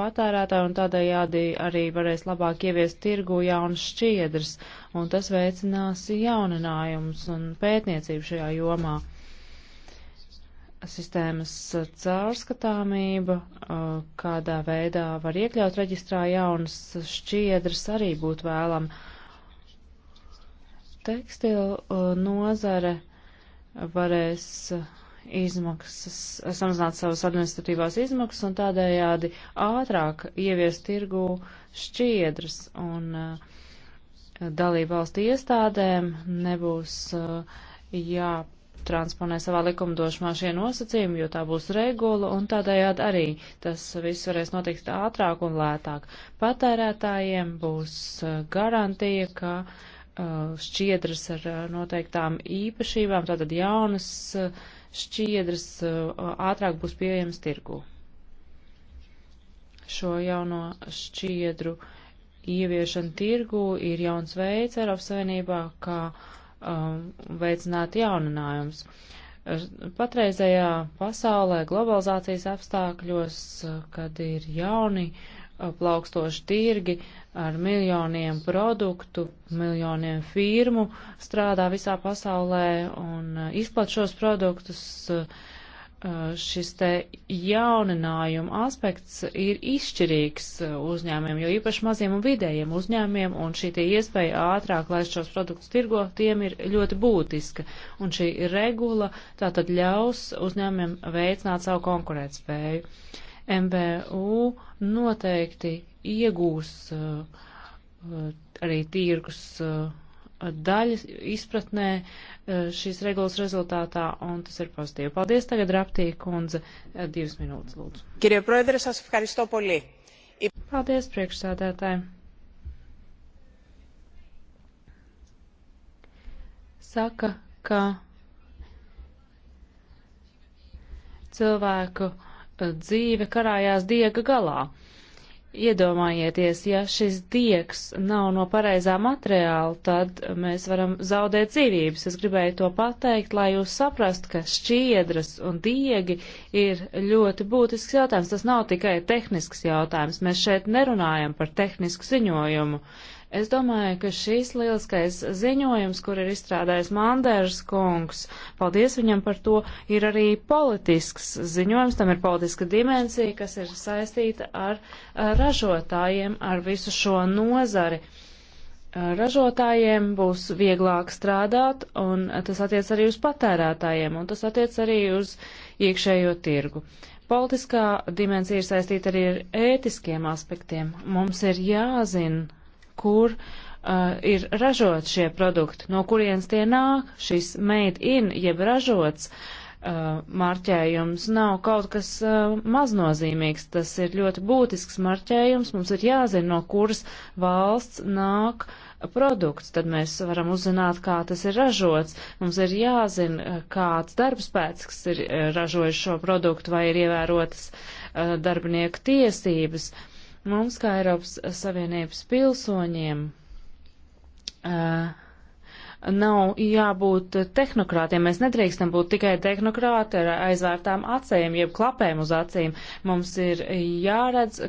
patērētāju un tādējādi arī varēs labāk ieviest tirgu jaunas šķiedras, un tas veicinās jauninājumus un pētniecību šajā jomā sistēmas caurskatāmība, kādā veidā var iekļaut reģistrā jaunas šķiedras, arī būtu vēlama. Tekstilu nozare varēs izmaksas, samazināt savas administratīvās izmaksas un tādējādi ātrāk ievies tirgu šķiedras un dalību valstu iestādēm nebūs jā transponē savā likumdošanā šie nosacījumi, jo tā būs regula, un tādējādi arī tas viss varēs notikt ātrāk un lētāk. Patērētājiem būs uh, garantija, ka uh, šķiedras ar uh, noteiktām īpašībām, tātad jaunas šķiedras ātrāk būs pieejamas tirgū. Šo jauno šķiedru ieviešana tirgū ir jauns veids Eiropas Savienībā, kā uh, Um, veicināt jauninājumus. Patreizējā pasaulē, globalizācijas apstākļos, uh, kad ir jauni uh, plaukstoši tirgi ar miljoniem produktu, miljoniem firmu strādā visā pasaulē un uh, izplat šos produktus, uh, Uh, šis te jauninājuma aspekts ir izšķirīgs uh, uzņēmiem, jo īpaši maziem un vidējiem uzņēmiem, un šī tie iespēja ātrāk laist šos produktus tirgo, tiem ir ļoti būtiska. Un šī regula tātad ļaus uzņēmiem veicināt savu konkurētspēju. MBU noteikti iegūs uh, arī tirgus daļas izpratnē eh, šīs regulas rezultātā, un tas ir pozitīvi. Paldies tagad, Raptī kundze, eh, divas minūtes lūdzu. Kirie proedres, es ευχαριστώ πολύ. Paldies, priekšsādātāji. Saka, ka cilvēku eh, dzīve karājās diega galā. Iedomājieties, ja šis diegs nav no pareizā materiāla, tad mēs varam zaudēt dzīvības. Es gribēju to pateikt, lai jūs saprastu, ka šķiedras un diegi ir ļoti būtisks jautājums. Tas nav tikai tehnisks jautājums. Mēs šeit nerunājam par tehnisku ziņojumu. Uh, Es domāju, ka šīs lieliskais ziņojums, kur ir izstrādājis Mandērs kungs, paldies viņam par to, ir arī politisks ziņojums, tam ir politiska dimensija, kas ir saistīta ar ražotājiem, ar visu šo nozari. Ražotājiem būs vieglāk strādāt, un tas attiec arī uz patērētājiem, un tas attiec arī uz iekšējo tirgu. Politiskā dimensija ir saistīta arī ar ētiskiem aspektiem. Mums ir jāzina, kur uh, ir ražot šie produkti, no kurienes tie nāk, šis made in, jeb ražots uh, marķējums nav kaut kas uh, maznozīmīgs, tas ir ļoti būtisks marķējums, mums ir jāzina, no kuras valsts nāk produkts, tad mēs varam uzzināt, kā tas ir ražots, mums ir jāzina, uh, kāds darbspēks, kas ir uh, ražojis šo produktu, vai ir ievērotas uh, darbinieku tiesības. Uh, Mums, kā Eiropas Savienības pilsoņiem, uh, nav jābūt tehnokrātiem. Mēs nedrīkstam būt tikai tehnokrāti ar aizvērtām acīm, jeb klapēm uz acīm. Mums ir jāredz,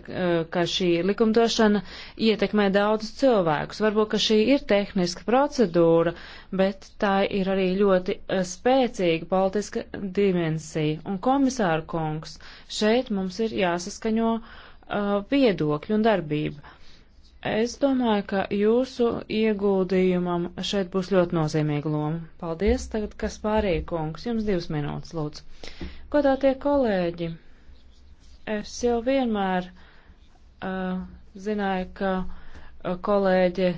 ka šī likumdošana ietekmē daudzus cilvēkus. Varbūt, ka šī ir tehniska procedūra, bet tā ir arī ļoti spēcīga politiska dimensija. Un komisāra kungs, šeit mums ir jāsaskaņo. Uh, Uh, viedokļu un darbību. Es domāju, ka jūsu ieguldījumam šeit būs ļoti nozīmīga loma. Paldies, tagad kas pārīja kungs, jums divas minūtes, lūdzu. Godā tie kolēģi, es jau vienmēr uh, zināju, ka uh, kolēģi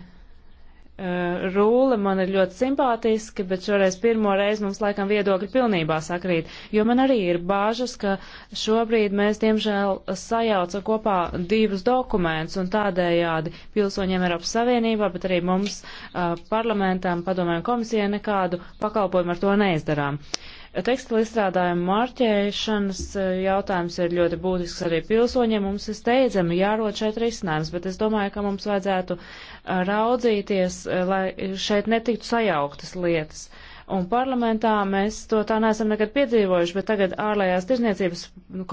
Eh, Rūle man ir ļoti simpātiski, bet šoreiz pirmo reizi mums laikam viedokļi pilnībā sakrīt, jo man arī ir bāžas, ka šobrīd mēs diemžēl sajauca kopā divus dokumentus un tādējādi pilsoņiem Eiropas Savienībā, bet arī mums uh, eh, parlamentām, padomēm komisijai nekādu pakalpojumu ar to neizdarām. Uh, Tekstilu izstrādājumu marķēšanas eh, jautājums ir ļoti būtisks arī pilsoņiem. Mums ir steidzami jārod šeit risinājums, bet es domāju, ka mums vajadzētu eh, raudzīties, eh, lai šeit netiktu sajauktas lietas. Un parlamentā mēs to tā neesam nekad piedzīvojuši, bet tagad ārlējās tirzniecības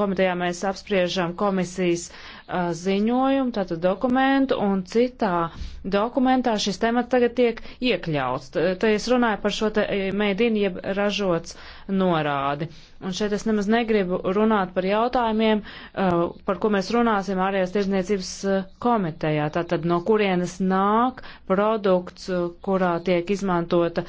komitejā mēs apspriežam komisijas uh, ziņojumu, tātad dokumentu, un citā uh, dokumentā šis temats tagad tiek iekļauts. Te es runāju par šo te e, meidinu, jeb ražots norādi. Un šeit es nemaz negribu runāt par jautājumiem, e, par ko mēs runāsim ārējās tirdzniecības e, komitejā. Tātad no kurienes nāk produkts, kurā tiek izmantota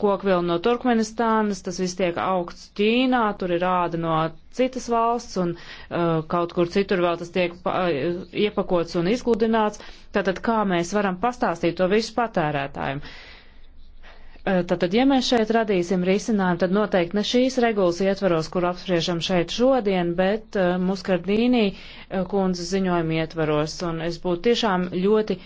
kokvilna no Turkmenistānas, tas viss tiek augsts Ķīnā, tur ir āda no citas valsts un uh, kaut kur citur vēl tas tiek pa, uh, iepakots un izgludināts. Tātad, kā mēs varam pastāstīt to visu patērētājiem? Tātad, ja mēs šeit radīsim risinājumu, tad noteikti ne šīs regulas ietvaros, kur apspriežam šeit šodien, bet uh, Muskardīnī uh, kundzes ziņojuma ietvaros. Un es būtu tiešām ļoti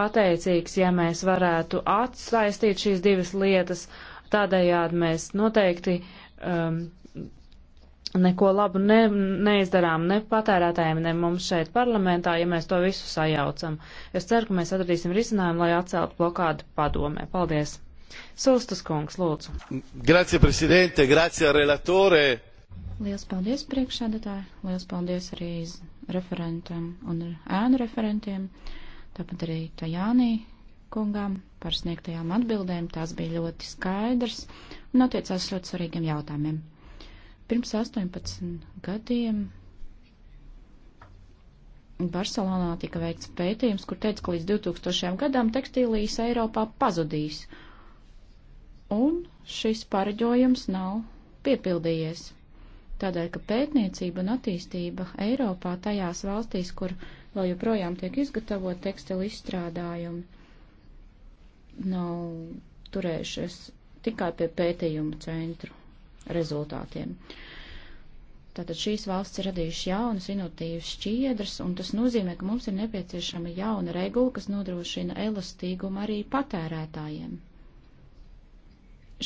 pateicīgs, ja mēs varētu atsaistīt šīs divas lietas. Tādējādi mēs noteikti um, neko labu ne, neizdarām ne patērētājiem, ne mums šeit parlamentā, ja mēs to visu sajaucam. Es ceru, ka mēs atradīsim risinājumu, lai atceltu blokādu padomē. Paldies! Sulstas kungs, lūdzu. Grazie, prezidente, grazie, relatore. Lielas paldies priekšsēdētāji, lielas paldies arī referentam un ēnu referentiem, tāpat arī Tajānī kungam par sniegtajām atbildēm. Tās bija ļoti skaidrs un attiecās ļoti svarīgiem jautājumiem. Pirms 18 gadiem Barcelonā tika veikts pētījums, kur teica, ka līdz 2000 gadam tekstīlijas Eiropā pazudīs. Un šis pareģojums nav piepildījies. Tādēļ, ka pētniecība un attīstība Eiropā tajās valstīs, kur vēl joprojām tiek izgatavot tekstilu izstrādājumi, nav turējušies tikai pie pētījumu centru rezultātiem. Tātad šīs valsts ir radījušas jaunas, inovatīvas šķiedras, un tas nozīmē, ka mums ir nepieciešama jauna regula, kas nodrošina elastīgumu arī patērētājiem.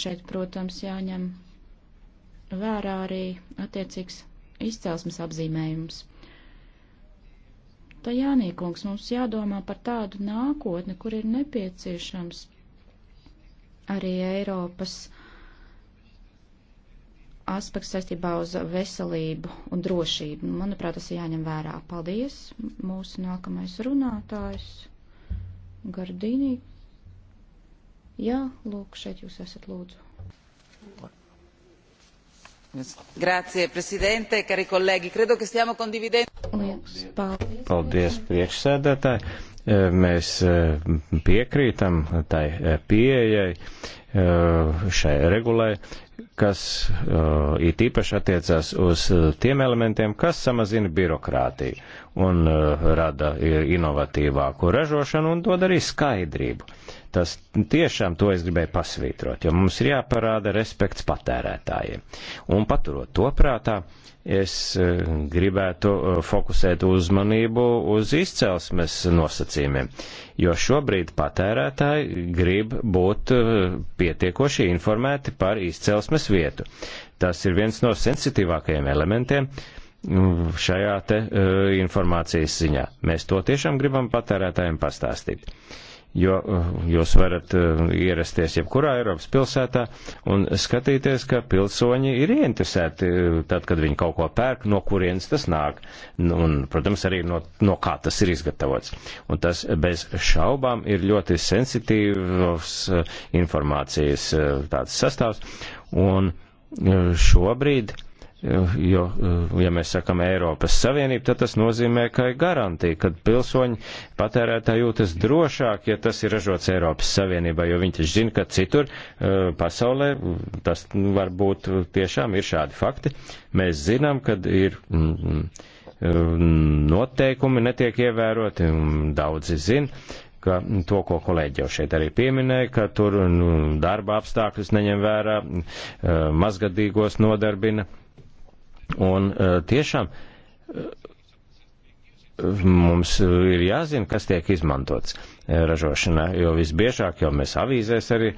Šeit, protams, jāņem vērā arī attiecīgs izcelsmes apzīmējums. Tā jānīkungs mums jādomā par tādu nākotni, kur ir nepieciešams arī Eiropas uh, aspekts saistībā uz veselību un drošību. Manuprāt, tas ir jāņem vērā. Paldies! Mūsu nākamais runātājs - Gardīnī. Jā, lūk, šeit jūs esat lūdzu. Grazie, prezidente, cari kolēģi. Credo, ka stiamo condividendo. Paldies, paldies, paldies priekšsēdētāji. E, mēs e, piekrītam tai e, pieejai šai regulai kas uh, it īpaši attiecās uz uh, tiem elementiem, kas samazina birokrātiju un uh, rada inovatīvāku ražošanu un dod arī skaidrību. Tas tiešām to es gribēju pasvītrot, jo mums ir jāparāda respekts patērētājiem. Un paturot to prātā, es eh, gribētu eh, fokusēt uzmanību uz izcelsmes nosacījumiem, jo šobrīd patērētāji grib būt eh, pietiekoši informēti par izcelsmes vietu. Tas ir viens no sensitīvākajiem elementiem mm, šajā te informācijas ziņā. Mēs to tiešām gribam patērētājiem pastāstīt jo eh, jūs varat eh, ierasties jebkurā Eiropas pilsētā un skatīties, ka pilsoņi ir ieinteresēti eh, tad, kad viņi kaut ko pērk, no kurienes tas nāk, nu, un, protams, arī no, no kā tas ir izgatavots. Un tas bez šaubām ir ļoti sensitīvs informācijas tāds sastāvs, un šobrīd Jo, eh, ja mēs sakam Eiropas Savienība, tad tas nozīmē, ka ir garantija, ka pilsoņi patērētāji jūtas drošāk, ja tas ir ražots Eiropas Savienībā, jo viņi taču zina, ka citur eh, pasaulē tas var būt eh, tiešām ir šādi fakti. Mēs zinām, kad ir. Mm, mm noteikumi netiek ievēroti, daudzi zina, ka to, ko kolēģi jau šeit arī pieminēja, ka tur nu, darba apstākļus neņem vērā, mazgadīgos nodarbina Un e, tiešām e, mums ir jāzina, kas tiek izmantots e, ražošanā, jo visbiežāk jau mēs avīzēs arī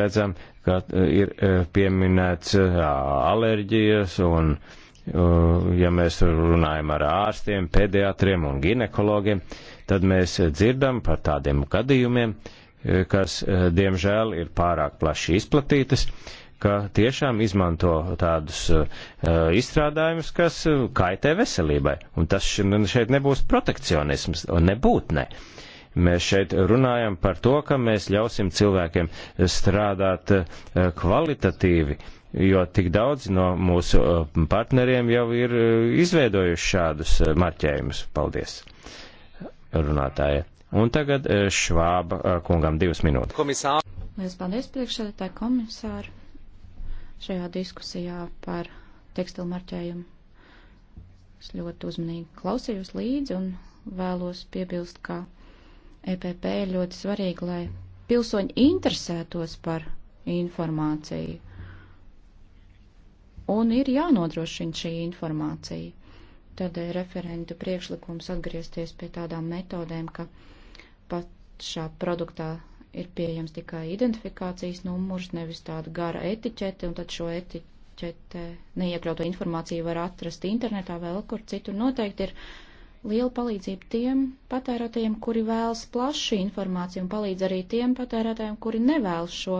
redzam, ka ir pieminēts alerģijas un, ja mēs runājam ar ārstiem, pediatriem un ginekologiem, tad mēs dzirdam par tādiem gadījumiem, kas, diemžēl, ir pārāk plaši izplatītas, ka tiešām izmanto tādus uh, izstrādājumus, kas uh, kaitē veselībai. Un tas nu, šeit nebūs protekcionisms, nebūtnē. Ne. Mēs šeit runājam par to, ka mēs ļausim cilvēkiem strādāt uh, kvalitatīvi, jo tik daudz no mūsu uh, partneriem jau ir izveidojuši šādus marķējumus. Paldies, runātāja. Un tagad Švāba kungam divas minūtes. Komisār. Mēs paldies priekšsēdētāju komisāru šajā diskusijā par tekstilu marķējumu. Es ļoti uzmanīgi klausījos līdzi un vēlos piebilst, ka EPP ir ļoti svarīgi, lai pilsoņi interesētos par informāciju. Un ir jānodrošina šī informācija. Tādēļ referentu priekšlikums atgriezties pie tādām metodēm, ka pat šā produktā ir pieejams tikai identifikācijas numurs, nevis tāda gara etiķete, un tad šo etiķete neiekļauto informāciju var atrast internetā vēl kur citur. Noteikti ir liela palīdzība tiem patērētājiem, kuri vēlas plašu informāciju, un palīdz arī tiem patērētājiem, kuri nevēlas šo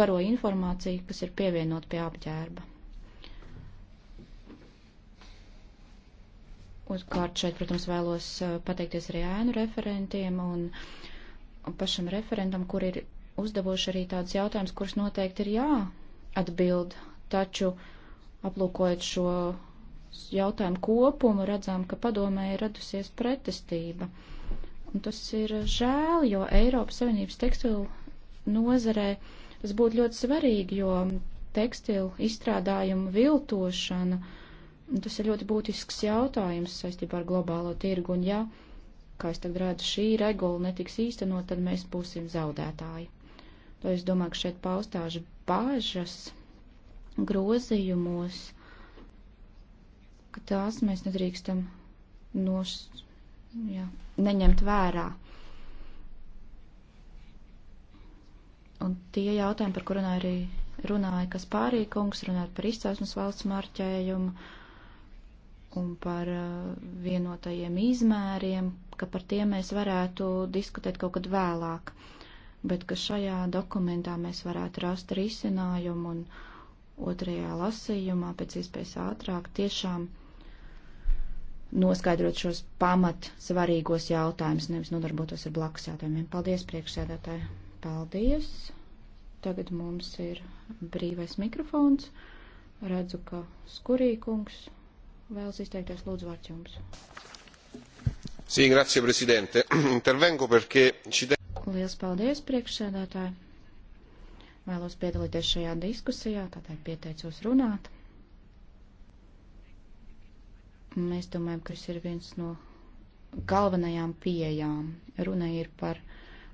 garo informāciju, kas ir pievienot pie apģērba. Uzkārt šeit, protams, vēlos eh, pateikties arī ēnu referentiem un uh, pašam referentam, kur ir uzdevuši arī tāds jautājums, kurus noteikti ir jāatbild. Taču, aplūkojot šo jautājumu kopumu, redzam, ka padomē ir radusies pretestība. Un tas ir žēl, jo Eiropas Savienības tekstilu nozarē tas būtu ļoti svarīgi, jo tekstilu izstrādājumu viltošana, tas ir ļoti būtisks jautājums saistībā ar globālo tirgu. Un, ja kā es tagad redzu, šī regula netiks īstenot, tad mēs būsim zaudētāji. To es domāju, ka šeit paustāžu bāžas grozījumos, ka tās mēs nedrīkstam nos, jā, neņemt vērā. Un tie jautājumi, par kuriem arī runāja Kaspārī kungs, runāt par izcelsmes valsts marķējumu, uh, un par uh, vienotajiem izmēriem, ka par tiem mēs varētu diskutēt kaut kad vēlāk, bet ka šajā dokumentā mēs varētu rast risinājumu un otrajā lasījumā pēc iespējas ātrāk tiešām noskaidrot šos pamat svarīgos jautājumus, nevis nodarbotos ar blakus jautājumiem. Paldies, priekšsēdētāji! Paldies! Tagad mums ir brīvais mikrofons. Redzu, ka skurīkungs. kungs vēlas izteikties. Lūdzu, vārds jums. Sī, grazie, prezidente. Intervengo, perché ci... Liels paldies, priekšsēdētāji. Vēlos piedalīties šajā diskusijā, tātad pieteicos runāt. Mēs domājam, ka šis ir viens no galvenajām pieejām. Runa ir par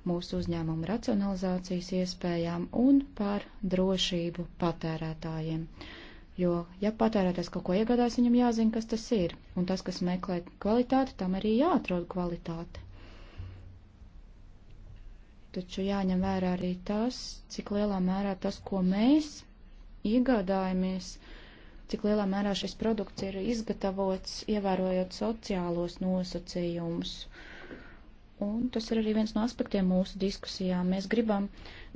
mūsu uzņēmumu racionalizācijas iespējām un par drošību patērētājiem. Uh, Jo, ja patērētājs kaut ko iegādājas, viņam jāzina, kas tas ir. Un tas, kas meklē kvalitāti, tam arī jāatrod kvalitāte. Taču jāņem vērā arī tas, cik lielā mērā tas, ko mēs iegādājamies, cik lielā mērā šis produkts ir izgatavots, ievērojot sociālos nosacījumus. Un tas ir arī viens no aspektiem mūsu diskusijām. Mēs gribam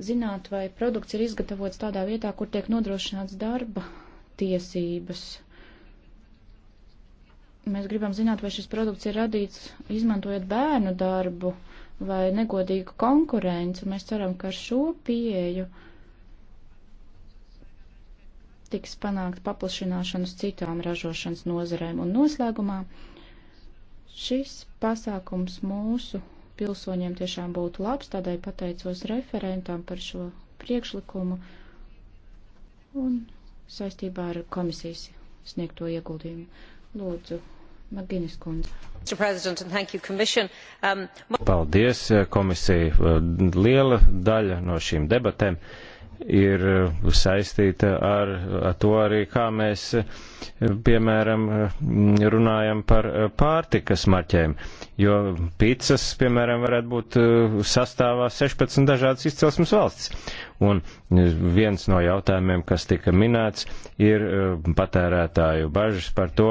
zināt, vai produkts ir izgatavots tādā vietā, kur tiek nodrošināts darba tiesības. Mēs gribam zināt, vai šis produkts ir radīts izmantojot bērnu darbu vai negodīgu konkurenci. Mēs ceram, ka ar šo pieeju tiks panākt paplašināšanas citām ražošanas nozarēm. Un noslēgumā šis pasākums mūsu pilsoņiem tiešām būtu labs, tādēļ pateicos referentam par šo priekšlikumu. Un saistībā ar komisijas sniegto ieguldījumu. Lūdzu, Maginis kundze. Um, Paldies, komisija. Liela daļa no šīm debatēm ir uh, saistīta ar, ar to arī, kā mēs, uh, piemēram, mm, runājam par uh, pārtikas marķēm, jo pizzas, piemēram, varētu būt sastāvā 16 dažādas izcelsmes valsts. Un viens no jautājumiem, kas tika minēts, ir eh, patērētāju bažas par to,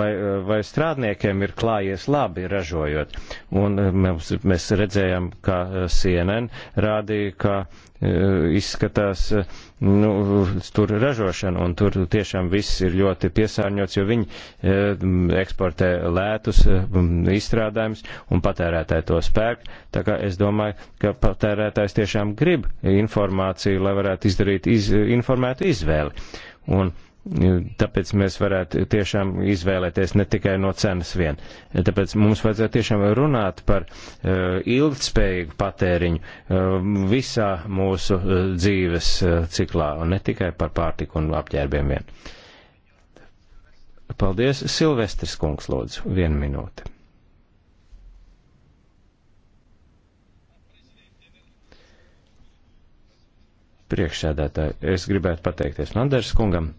vai, eh, vai strādniekiem ir klājies labi ražojot. Un eh, mēs, mēs redzējām, ka CNN rādīja, ka izskatās, uh, nu, tur ražošanu, un tur tiešām viss ir ļoti piesārņots, jo viņi e, eksportē lētus e, izstrādājumus un patērētāji to spērk. Tā kā es domāju, ka patērētājs tiešām grib informāciju, lai varētu izdarīt iz, informētu izvēli. Un, Tāpēc mēs varētu tiešām izvēlēties ne tikai no cenas vien. Tāpēc mums vajadzētu tiešām runāt par e, ilgtspējīgu patēriņu e, visā mūsu e, dzīves ciklā un ne tikai par pārtiku un apģērbiem vien. Paldies, Silvestris kungs, lūdzu, vienu minūti. Priekšsēdētāji, es gribētu pateikties Manders kungam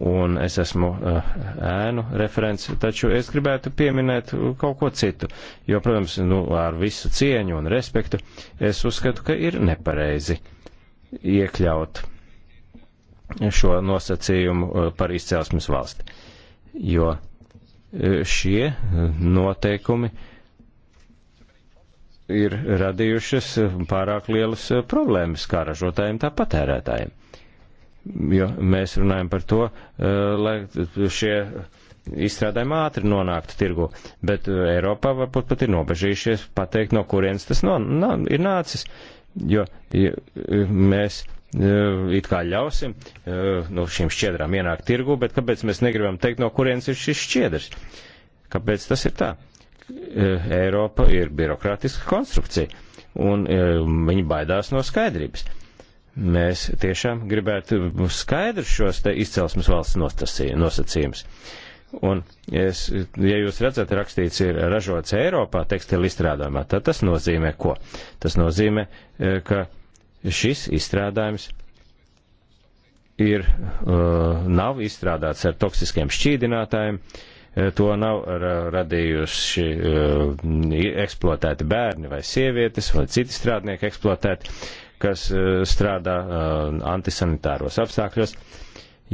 un es esmu uh, ēnu referents, taču es gribētu pieminēt kaut ko citu, jo, protams, nu, ar visu cieņu un respektu es uzskatu, ka ir nepareizi iekļaut šo nosacījumu eh, par izcelsmes valsti, jo eh, šie noteikumi ir radījušas pārāk lielas problēmas kā ražotājiem, tā patērētājiem jo mēs runājam par to, eh, lai šie izstrādājumi ātri nonāktu tirgu, bet eh, Eiropā varbūt pat ir nobežījušies pateikt, no kurienes tas no, no, ir nācis, jo ja, eh, mēs it kā ļausim no nu, šīm šķiedrām ienākt tirgu, bet kāpēc mēs negribam teikt, no kurienes ir šis šķiedrs? Kāpēc tas ir tā? Eiropa ir birokrātiska konstrukcija, un viņi baidās no skaidrības. Mēs tiešām gribētu skaidrs šos te izcelsmes valsts nosacījumus. Un, es, ja jūs redzat, rakstīts ir ražots Eiropā tekstila izstrādājumā, tad tas nozīmē ko? Tas nozīmē, e, ka šis izstrādājums ir, e, nav izstrādāts ar toksiskiem šķīdinātājiem, e, to nav radījuši eksploatēti bērni vai sievietes vai citi strādnieki eksploatēti kas e, strādā e, antisanitāros apstākļos.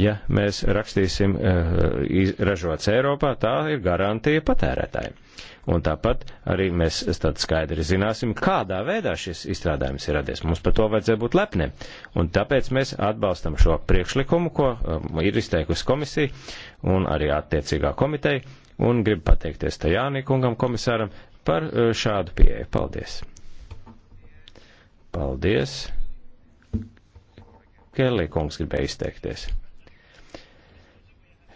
Ja mēs rakstīsim e, ražots Eiropā, tā ir garantija patērētājiem. Un tāpat arī mēs tad skaidri zināsim, kādā veidā šis izstrādājums ir radies. Mums par to vajadzēja būt lepniem. Un tāpēc mēs atbalstam šo priekšlikumu, ko um, ir izteikusi komisija un arī attiecīgā komiteja. Un gribu pateikties Tajānī kungam komisāram par šādu pieeju. Paldies! Paldies! Kelly kungs gribēja izteikties.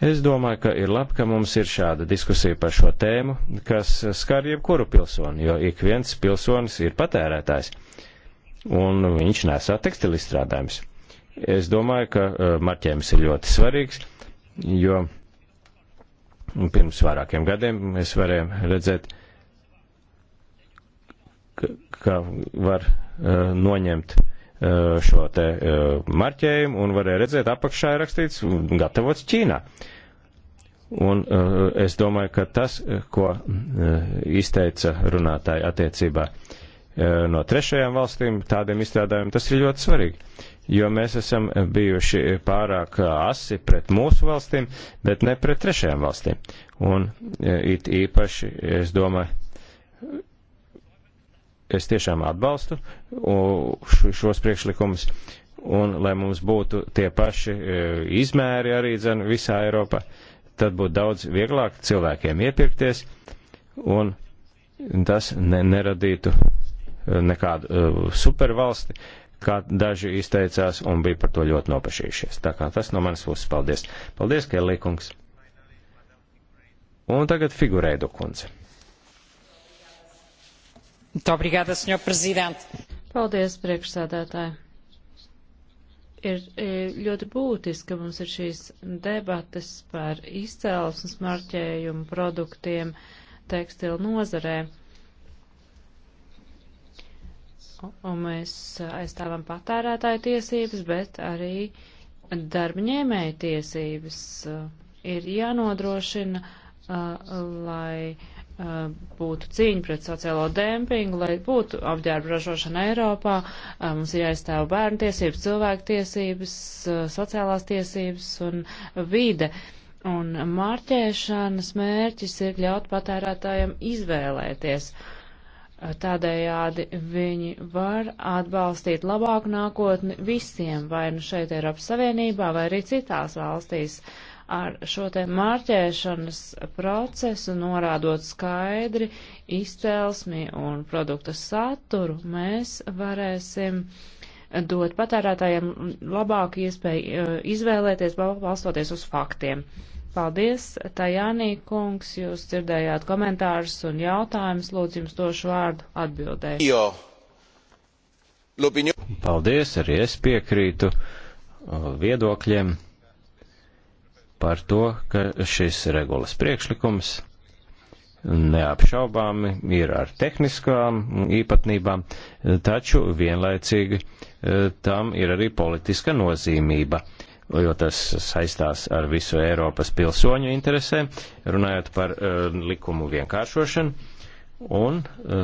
Es domāju, ka ir labi, ka mums ir šāda diskusija par šo tēmu, kas skar jebkuru pilsoni, jo ik viens pilsonis ir patērētājs, un viņš nesā tekstilizstrādājums. Es domāju, ka uh, marķējums ir ļoti svarīgs, jo pirms vairākiem gadiem mēs varējām redzēt, uh, ka var e, noņemt e, šo te e, marķējumu un varēja redzēt apakšā ir rakstīts gatavots Ķīnā. Un es domāju, ka tas, ko izteica runātāji attiecībā no trešajām valstīm tādiem izstrādājumiem, tas ir ļoti svarīgi. Jo mēs esam bijuši pārāk asi pret mūsu valstīm, bet ne pret trešajām valstīm. Un it īpaši, es domāju, es tiešām atbalstu šos priekšlikumus, un lai mums būtu tie paši e, izmēri arī dzen visā Eiropā, tad būtu daudz vieglāk cilvēkiem iepirkties, un tas ne, neradītu e, nekādu e, supervalsti, kā daži izteicās un bija par to ļoti nopašījušies. Tā kā tas no manas puses paldies. Paldies, Kelly kungs. Un tagad figurēdu kundze. Obrigada, senhor prezident. Paldies, priekšsēdētāji. Ir ļoti būtiski, ka mums ir šīs debates par izcēlesmes marķējumu produktiem tekstilu nozarē. Un mēs aizstāvam patērētāju tiesības, bet arī darbņēmēju tiesības. Uh, ir jānodrošina, uh, lai Uh, būtu cīņa pret sociālo dempingu, lai būtu apģērba ražošana Eiropā. Uh, mums ir jāizstāv bērnu tiesības, cilvēku tiesības, uh, sociālās tiesības un vide. Un mārķēšanas mērķis ir ļaut patērētājiem izvēlēties. Tādējādi viņi var atbalstīt labāku nākotni visiem, vai nu šeit Eiropas Savienībā, vai arī citās valstīs. Uh, ar šo te mārķēšanas procesu, norādot skaidri izcelsmi un produkta saturu, mēs varēsim dot patērētājiem labāku iespēju eh, izvēlēties, balstoties uz faktiem. Paldies, Tajānī kungs, jūs dzirdējāt komentārus un jautājumus, lūdzu jums došu vārdu atbildēju. Jo. Lubiņu. Paldies, arī es piekrītu uh, viedokļiem par to, ka šis regulas priekšlikums neapšaubāmi ir ar tehniskām īpatnībām, taču vienlaicīgi e, tam ir arī politiska nozīmība, jo tas saistās ar visu Eiropas pilsoņu interesēm, runājot par e, likumu vienkāršošanu, un e,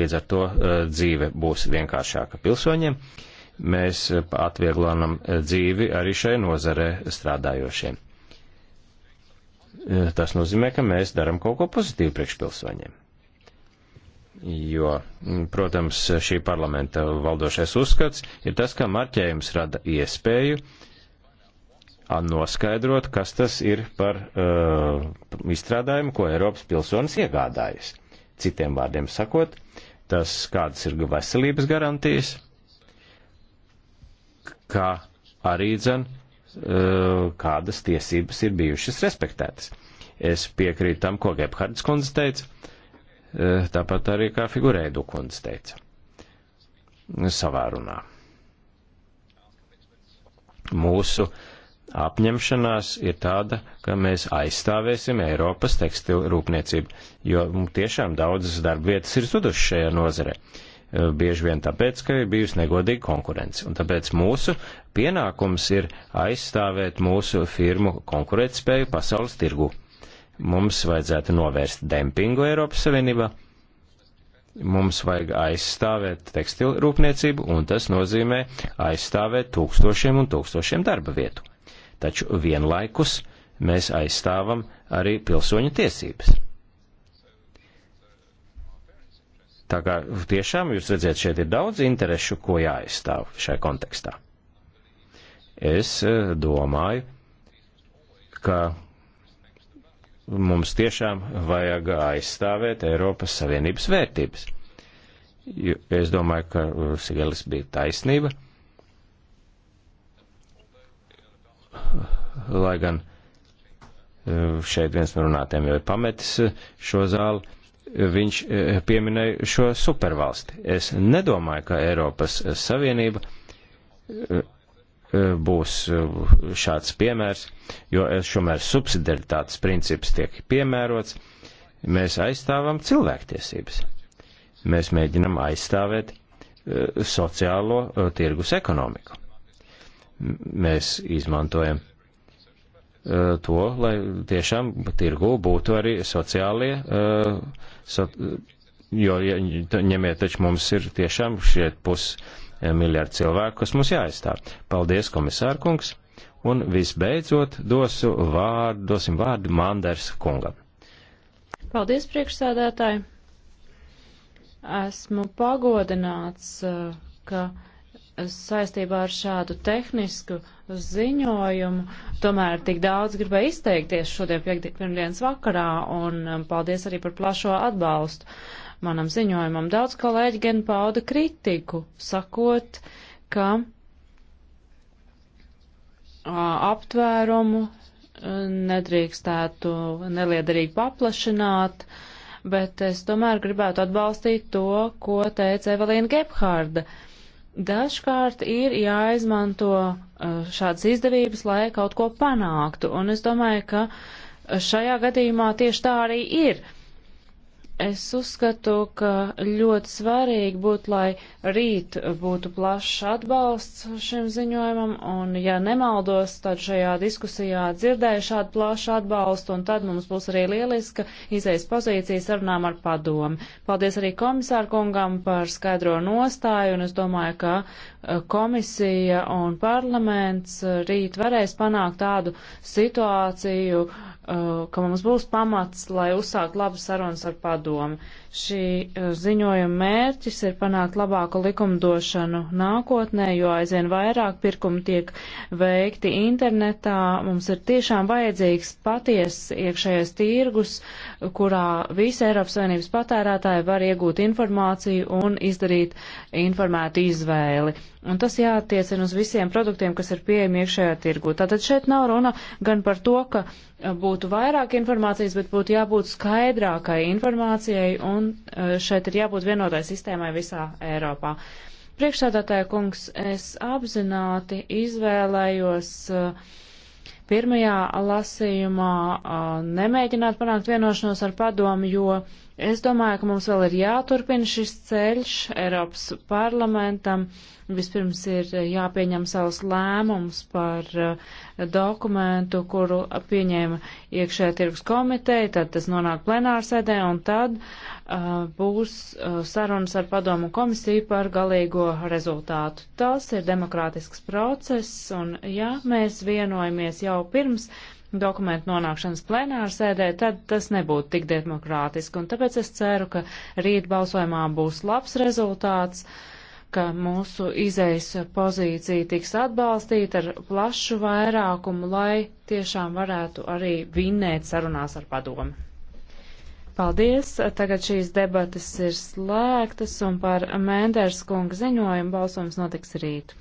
līdz ar to dzīve būs vienkāršāka pilsoņiem. Mēs atvieglojam dzīvi arī šai nozarē strādājošiem. Eh, tas nozīmē, ka mēs darām kaut ko pozitīvu priekšpilsoņiem. Jo, mm, protams, šī parlamenta valdošais uzskats ir tas, ka marķējums rada iespēju noskaidrot, kas tas ir par uh, izstrādājumu, ko Eiropas pilsonis iegādājas. Citiem vārdiem sakot, tas kādas ir veselības garantijas, kā arī dzen Eh, kādas tiesības ir bijušas respektētas. Es piekrītu tam, ko Gebhards kundze teica, eh, tāpat arī kā Figurēdu kundze teica savā runā. Mūsu apņemšanās ir tāda, ka mēs aizstāvēsim Eiropas tekstilu rūpniecību, jo tiešām daudzas darba vietas ir zudušas šajā nozarei Eh, bieži vien tāpēc, ka ir bijusi negodīga konkurence. Un tāpēc mūsu pienākums ir aizstāvēt mūsu firmu konkurētspēju pasaules tirgu. Mums vajadzētu novērst dempingu Eiropas Savienībā. Mums vajag aizstāvēt tekstilu rūpniecību, un tas nozīmē aizstāvēt tūkstošiem un tūkstošiem darba vietu. Taču vienlaikus mēs aizstāvam arī pilsoņu tiesības Tā kā tiešām jūs redzat, šeit ir daudz interešu, ko jāizstāv šai kontekstā. Es e, domāju, ka mums tiešām vajag aizstāvēt Eiropas Savienības vērtības. Es domāju, ka e, Sigelis bija taisnība. Lai gan e, šeit viens no runātēm jau ir pametis šo zāli, viņš e, pieminēja šo supervalsti. Es nedomāju, ka Eiropas Savienība e, e, būs šāds piemērs, jo šomēr subsidiaritātes princips tiek piemērots. Mēs aizstāvam cilvēktiesības. Mēs mēģinam aizstāvēt sociālo tirgus ekonomiku. Mēs izmantojam Eh, to, lai tiešām tirgu būtu arī sociālie, eh, so, jo ja, ņemiet, taču mums ir tiešām šie pus eh, miljārdi cilvēku, kas mums jāaizstāv. Paldies, komisārkungs! Un visbeidzot dosu vārdu, dosim vārdu Manders kungam. Paldies, priekšsēdētāji! Esmu pagodināts, ka saistībā ar šādu tehnisku ziņojumu. Tomēr tik daudz gribēja izteikties šodien pirmdienas vakarā, un um, paldies arī par plašo atbalstu manam ziņojumam. Daudz kolēģi gan pauda kritiku, sakot, ka uh, aptvērumu uh, nedrīkstētu neliederīgi paplašināt, bet es tomēr gribētu atbalstīt to, ko teica Evelīna Gebhārda. Uh, Dažkārt ir jāizmanto eh, šādas izdevības, lai kaut ko panāktu, un es domāju, ka šajā gadījumā tieši tā arī ir. Uh, Es uzskatu, ka ļoti svarīgi būtu, lai rīt būtu plašs atbalsts šim ziņojumam, un, ja nemaldos, tad šajā diskusijā dzirdēju šādu plašu atbalstu, un tad mums būs arī lieliska izējas pozīcija sarunām ar padomu. Paldies arī komisāru kungam par skaidro nostāju, un es domāju, ka e, komisija un parlaments rīt varēs panākt tādu situāciju, uh, Uh, ka mums būs pamats, lai uzsākt labu sarunas ar padomu. Šī eh, ziņojuma mērķis ir panākt labāku likumdošanu nākotnē, jo aizvien vairāk pirkumu tiek veikti internetā. Mums ir tiešām vajadzīgs paties iekšējais tirgus, kurā visi Eiropas Savienības patērētāji var iegūt informāciju un izdarīt informētu izvēli. Un tas jātiecina uz visiem produktiem, kas ir pieejami iekšējā tirgu. Tātad šeit nav runa gan par to, ka eh, būtu vairāk informācijas, bet būtu jābūt skaidrākai informācijai un un e, šeit ir jābūt vienotai sistēmai visā Eiropā. Priekšsādātāja kungs, es apzināti izvēlējos e, pirmajā lasījumā e, nemēģināt panākt vienošanos ar padomu, jo Es domāju, ka mums vēl ir jāturpina šis ceļš Eiropas parlamentam. Vispirms ir jāpieņem savus lēmumus par eh, dokumentu, kuru pieņēma iekšējā tirgus komiteja, tad tas nonāk plenārsēdē un tad uh, būs uh, sarunas ar padomu komisiju par galīgo rezultātu. Tas ir demokrātisks process un ja mēs vienojamies jau pirms dokumentu nonākšanas plenāru sēdē, tad tas nebūtu tik demokrātiski. Un tāpēc es ceru, ka rīt balsojumā būs labs rezultāts, ka mūsu izējas pozīcija tiks atbalstīta ar plašu vairākumu, lai tiešām varētu arī vinnēt sarunās ar padomu. Paldies! Tagad šīs debatas ir slēgtas un par Mēndērs kunga ziņojumu balsojums notiks rīt.